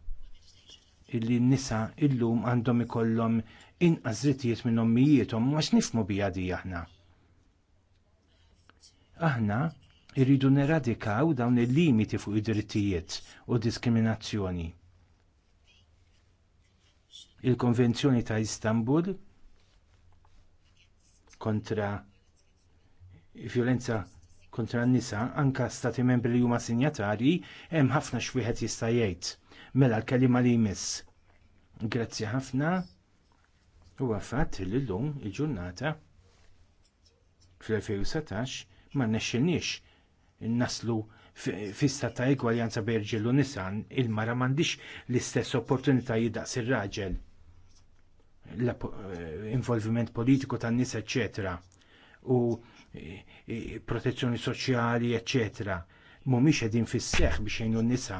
illi n-nisa illum għandhom ikollhom inqas drittijiet minn ommijietom ma x'nifmu bija di aħna. Aħna irridu neradikaw dawn il-limiti fuq id-drittijiet u diskriminazzjoni. Il-Konvenzjoni ta' Istanbul kontra violenza kontra n-nisa anka stati membri li huma sinjatari hemm ħafna xwieħed jista' jgħid. Mela l-kelima li jmiss. Grazzi ħafna. Huwa fatt li llum il-ġurnata fl-2017 ma nnexxilniex naslu fista ta' egwaljanza berġil u nisa il-mara m'għandix l-istess opportunitajiet daqs ir-raġel l-involviment eh, politiku tan nisa eċetera. U protezzjoni soċjali, eccetera. Mhumiex qegħdin fis biex jgħinu n-nisa.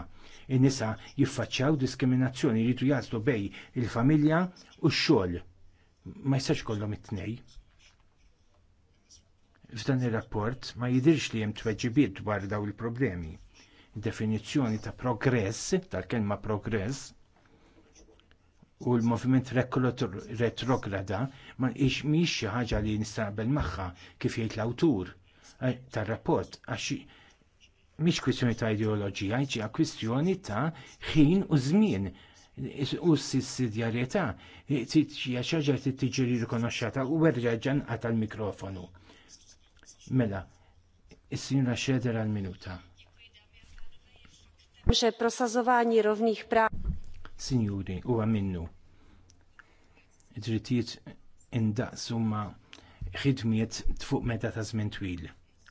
In-nisa jiffaċċjaw diskriminazzjoni jridu jazlu bej il-familja u x-xogħol. Ma jistax kollom it-tnej. F'dan ir-rapport ma jidirx li hemm tweġibiet dwar daw il-problemi. Definizzjoni ta' progress, tal-kelma progress, u l-moviment retrograda ma ix miex xi ħaġa li nistaqbel magħha kif jgħid l-awtur eh, tar-rapport għax miex kwistjoni ta' ideoloġija, ġija kwistjoni ta' ħin u żmien u s-sidjarjetà hija xi ħaġa li tiġi rikonoxxata u werġa' għata l-mikrofonu. Mela, is-sinjura xeder l minuta Prosazowanie równych praw sinjuri, huwa minnu. Drittijiet indaqs huma ħidmiet fuq meta ta' żmien twil.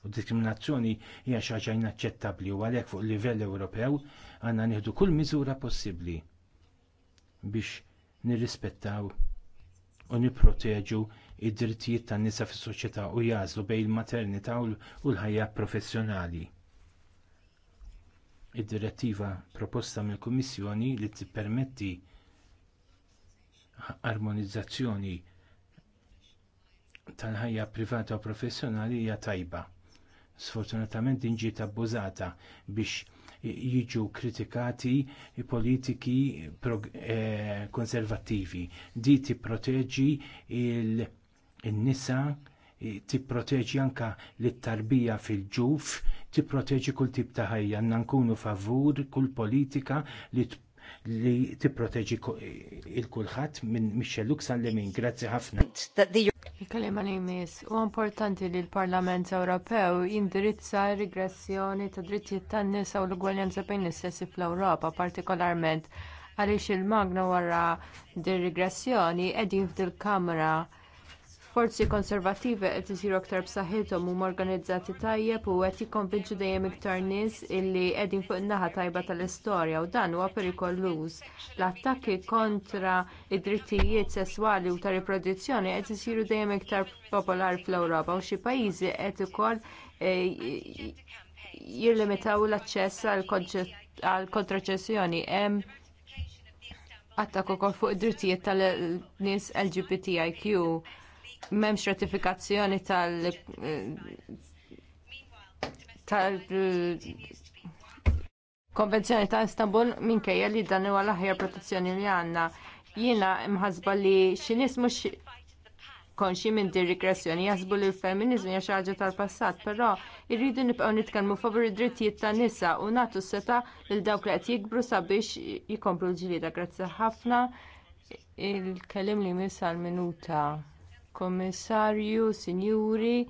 U diskriminazzjoni hija xi ħaġa inaċċettabbli u għalhekk fuq livell Ewropew għandna nieħdu kull miżura possibbli biex nirrispettaw u nipproteġu id-drittijiet tan-nisa fis-soċjetà u jażlu bejn il-maternità u l-ħajja professjonali id-direttiva proposta mill-Kummissjoni li tippermetti armonizzazzjoni tal-ħajja privata u professjonali hija tajba. Sfortunatament din ġiet abbużata biex jiġu kritikati politiki eh, konservattivi. Di tipproteġġi il nisa tipproteġi anke lit tarbija fil-ġuf, tipproteġi kull tip ta' ħajja, għandna nkunu favur kull politika li li tipproteġi il-kulħadd minn mixxelluk li minn Grazzi ħafna. Il-kalima li jmiss, u importanti li l-Parlament Ewropew jindirizza r regressjoni ta' drittijiet tan nies u l-ugwaljanza bejn l-istessi fl-Ewropa partikolarment għaliex il-magna wara dir-regressjoni qegħdin f'dil-Kamra Forzi konservattivi qed isiru aktar b'saħħithom huma organizzati tajjeb u qed jikkonvinċu dejjem iktar nies illi qegħdin fuq in-naħa tajba tal-istorja u dan huwa perikolluż. L-attakki kontra id-drittijiet sesswali u ta' riproduzzjoni qed isiru dejjem iktar popolari fl-Ewropa u xi pajjiżi qed ukoll eh, jirlimitaw l-aċċess għall kontraċessjoni hemm attakk ukoll fuq id-drittijiet tal-nies LGBTIQ memx ratifikazzjoni tal- tal konvenzjoni ta' Istanbul minkejja li dan huwa l-aħjar protezzjoni li għandna. Jiena mħasba li x'inies mhux konxi minn din regressjoni jasbu li l-feminizmu hija xi ħaġa tal-passat, però irridu nibqgħu nitkellmu favur id-drittijiet tan-nisa u nagħtu seta' lil dawk li qed jikbru sabiex jikomplu l-ġlieda. Grazzi ħafna il-kelim li misal minuta. Komissarju, Sinjuri,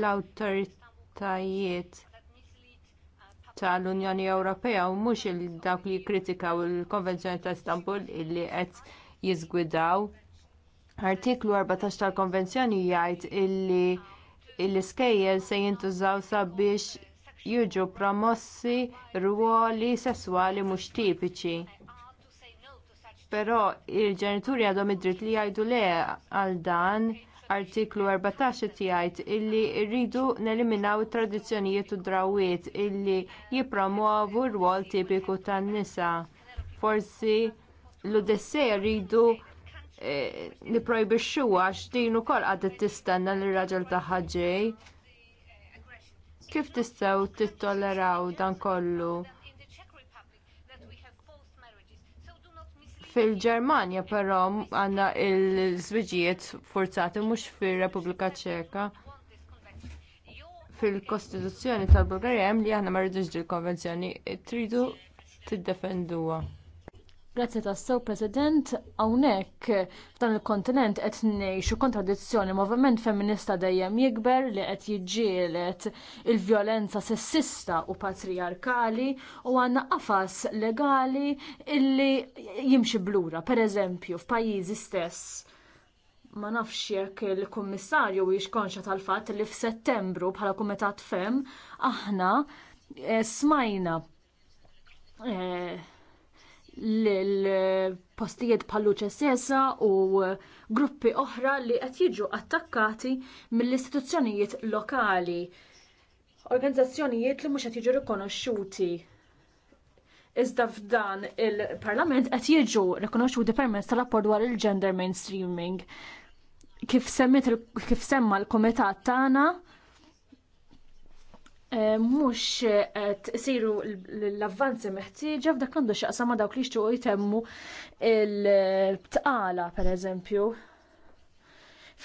l-awtoritajiet tal-Unjoni Ewropea u mhux il-dawk li jikkritikaw il-Konvenzjoni ta' Istanbul illi qed jiżgwidaw. Artiklu 14 tal-Konvenzjoni jgħid illi l-iskejjel se jintużaw sabiex jiġu promossi ruoli sesswali mhux tipiċi però il-ġenituri għadhom id-dritt li jgħidu le għal dan artiklu 14 tijajt illi rridu neliminaw it tradizzjonijiet u drawiet illi jipromuovu r-rwol tipiku tan-nisa. Forsi l-Odessej rridu eh, għax x'din ukoll għadet tistenna lir raġel tagħha ġej. Kif tistgħu tittoleraw dan kollu? Fil-Ġermanja però għandna l-żwiġijiet forzati mhux fir-Repubblika Ċeka. Fil-Kostituzzjoni tal-Bulgarija hemm li aħna ma rridux il konvenzjoni tridu tiddefenduha. Grazzi tassew, President, hawnhekk f'dan il-kontinent qed ngħixu kontradizzjoni moviment femminista dejjem jikber li qed jiġġieled il-vjolenza sessista u patriarkali u għandna qafas legali illi jimxi blura, pereżempju f'pajjiżi stess. Ma nafx jekk il-Kummissarju wiex konxa tal-fatt li f'Settembru bħala Kumitat Fem aħna eh, smajna eh, l-postijiet palluċa sesa u gruppi oħra li qed jiġu attakkati mill-istituzzjonijiet lokali, organizzazzjonijiet li mhux qed jiġu rikonoxxuti. Iżda f'dan il-Parlament qed jiġu rikonoxxuti permezz tal-rapport dwar il-gender mainstreaming. Kif, kif semma l-komitat tagħna Eh, mhux qed eh, isiru l-avvanzi meħtieġa f'dak għandu x'aqsa ma' dawk li jixtiequ jtemmu l-btqala pereżempju.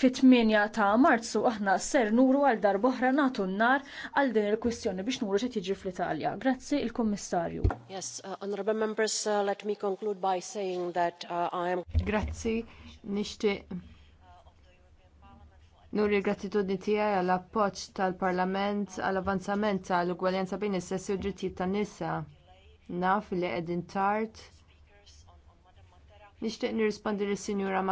Fit-8 ta' Marzu aħna ser nuru għal boħra nagħtu n-nar għal din il-kwistjoni biex nuru x'qed jiġri fl-Italja. Grazzi il-Kummissarju. Yes, uh, honorable members, uh, let me conclude by saying that uh, I am Grazzi, nixtieq Nuri gratitudni tiegħi għall appoġġ tal-Parlament għall avanzament tal-ugwaljanza bejn is-sessi u drittijiet tan-nisa. Naf li qegħdin tard. Nixtieq nirrispondi lis-Sinjura